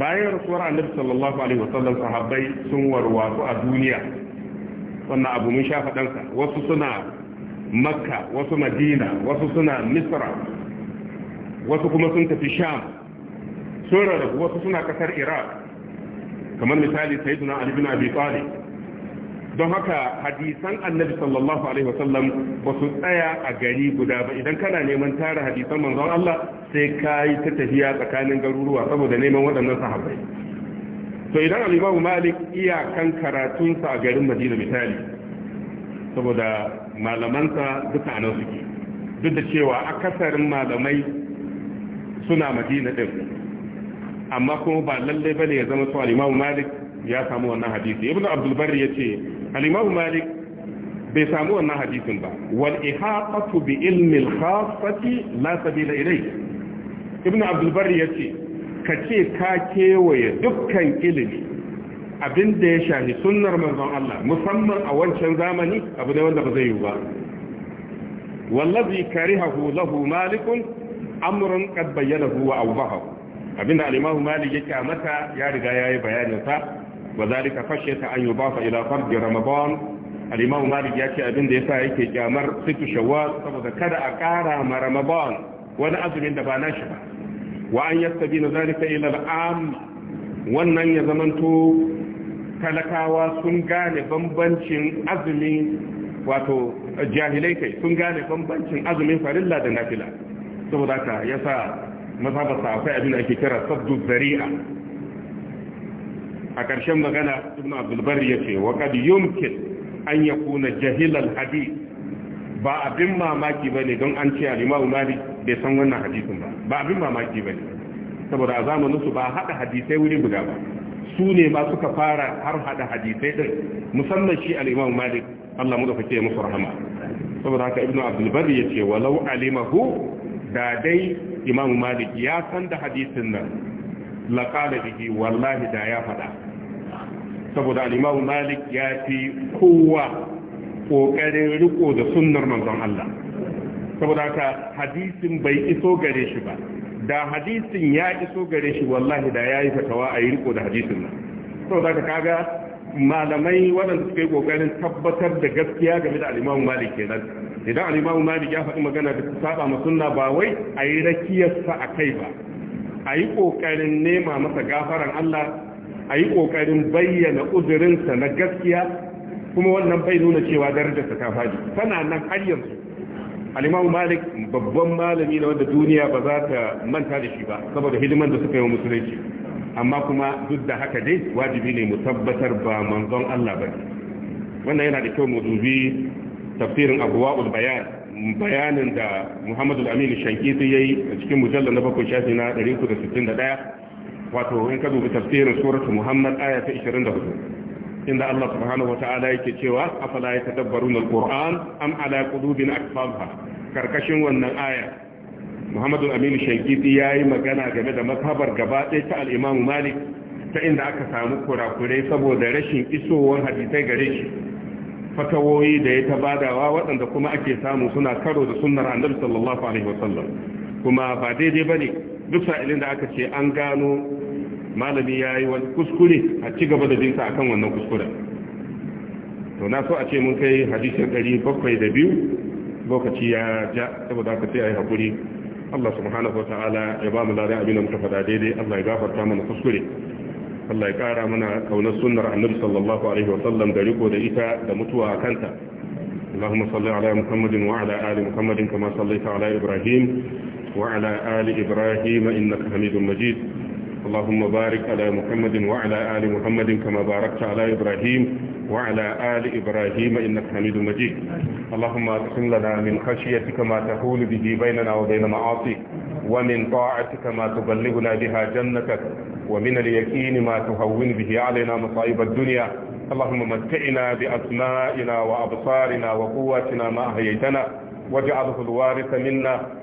bayan rasuwar annabi sallallahu alaihi wasallam sahabbai sun warwatsu a duniya wannan abu mun sha faɗansa wasu suna makka wasu madina wasu suna misra wasu kuma sun tafi sham sun rarrabu wasu suna kasar iraq kamar misali sai suna bin abi talib don haka hadisan annabi sallallahu alaihi wasallam ba su tsaya a gari guda ba idan kana neman tara hadisan manzon Allah sai ka yi ta tafiya tsakanin garuruwa saboda neman waɗannan sahabbai to idan al-Imam Malik iyakan sa a garin Madina misali saboda malamansa duka anan suke duk da cewa akasarin malamai suna Madina din amma kuma ba lalle bane ya zama su al-Imam Malik ya samu wannan hadisi ibnu Abdul Barri yace al malik bai samu wannan hadisin ba wal ihaqatu bi ilmi al-khassati la sabila ilayhi ibnu abdul barri yace ka ce ka kewaye dukkan ilimi Abinda ya shahi sunnar manzon Allah musamman a wancan zamani abu ne wanda ba zai yi ba wallazi karihahu lahu malikun amrun qad bayyana huwa awdahahu abinda al-imamu malik ya mata, ya riga yayi bayanin sa wa zalika ka an yudafa ila fard ramadan al-imam malik yace abin da yasa yake kyamar situ shawwal saboda kada a kara ma ramadan wani azumin da ba nashi ba wa an yastabina zalika ila al-am wannan ya zamanto talakawa sun gane bambancin azumin wato jahilai kai sun gane bambancin azumin farilla da nafila saboda ka yasa mazhabar sa akwai abin da ake kira sabdu zari'a a ƙarshen magana ibn abdulbar ya ce wa yumkin an ya kuna jahilal hadith ba abin mamaki ba ne don an ce alimawu malik bai san wannan hadisin ba ba abin mamaki ba ne saboda a zamaninsu ba haɗa hadisai wuri guda ba su ne ma suka fara har haɗa hadisai ɗin musamman shi alimawu malik allah mu da fake musu rahama saboda haka ibnu abdulbar ya ce walau alimahu da dai imamu malik ya san da hadisin nan laƙala bihi wallahi da ya faɗa saboda alimawu malik ya fi kowa kokarin riko da sunnar manzon Allah saboda haka hadisin bai iso gare shi ba da hadisin ya iso gare shi wallahi da yayi fatawa a yi riko da hadisin nan saboda haka kaga malamai waɗanda suka yi kokarin tabbatar da gaskiya game da alimawu malik kenan idan alimawu malik ya faɗi magana da ta saba ma sunna ba wai a yi rakiyarsa a kai ba a yi ƙoƙarin nema masa gafaran Allah a yi ƙoƙarin bayyana uzurinsa na gaskiya kuma wannan bai nuna cewa darajarsa ta faɗi tana nan har yanzu alimamu malik babban malami na wanda duniya ba za ta manta da shi ba saboda hidiman da suka yi wa musulunci amma kuma duk da haka dai wajibi ne mu tabbatar ba manzon Allah ba wannan yana da kyau mu dubi tafsirin abuwa'ul bayan bayanin da muhammadu aminu amin yayi yi a cikin mujallar na bakwai shafi na 361 wato in ka dubi tafsirin suratu muhammad aya ta 24 inda Allah subhanahu wata'ala yake cewa afala yatadabbaruna alquran am ala qulubin aqfalha karkashin wannan aya Muhammadu Aminu ya yayi magana game da mazhabar gaba ɗaya ta al-Imam Malik ta inda aka samu kurakurai saboda rashin isowar hadisai gare shi fatawoyi da ya ta badawa waɗanda kuma ake samu suna karo da sunnar annabi sallallahu alaihi wasallam kuma ba daidai bane duk sa'ilin da aka ce an gano malami ya yi wani kuskure a ci gaba da jinsa akan wannan kuskuren to na so a ce mun kai hadisin ɗari bakwai da biyu lokaci ya ja saboda aka ce a yi haƙuri Allah subhanahu wa ta'ala ya ba mu ladan abin da muka faɗa daidai Allah ya gafarta mana kuskure Allah ya ƙara mana kaunar sunnar annabi sallallahu alaihi wa sallam da riko da ita da mutuwa a kanta اللهم صل على محمد وعلى آل محمد كما صليت على إبراهيم وعلى آل إبراهيم إنك حميد مجيد اللهم بارك على محمد وعلى آل محمد كما باركت على إبراهيم وعلى آل إبراهيم إنك حميد مجيد اللهم اقسم لنا من خشيتك ما تحول به بيننا وبين معاصيك ومن طاعتك ما تبلغنا بها جنتك ومن اليقين ما تهون به علينا مصائب الدنيا اللهم متعنا بأسمائنا وأبصارنا وقواتنا ما أهيتنا واجعله الوارث منا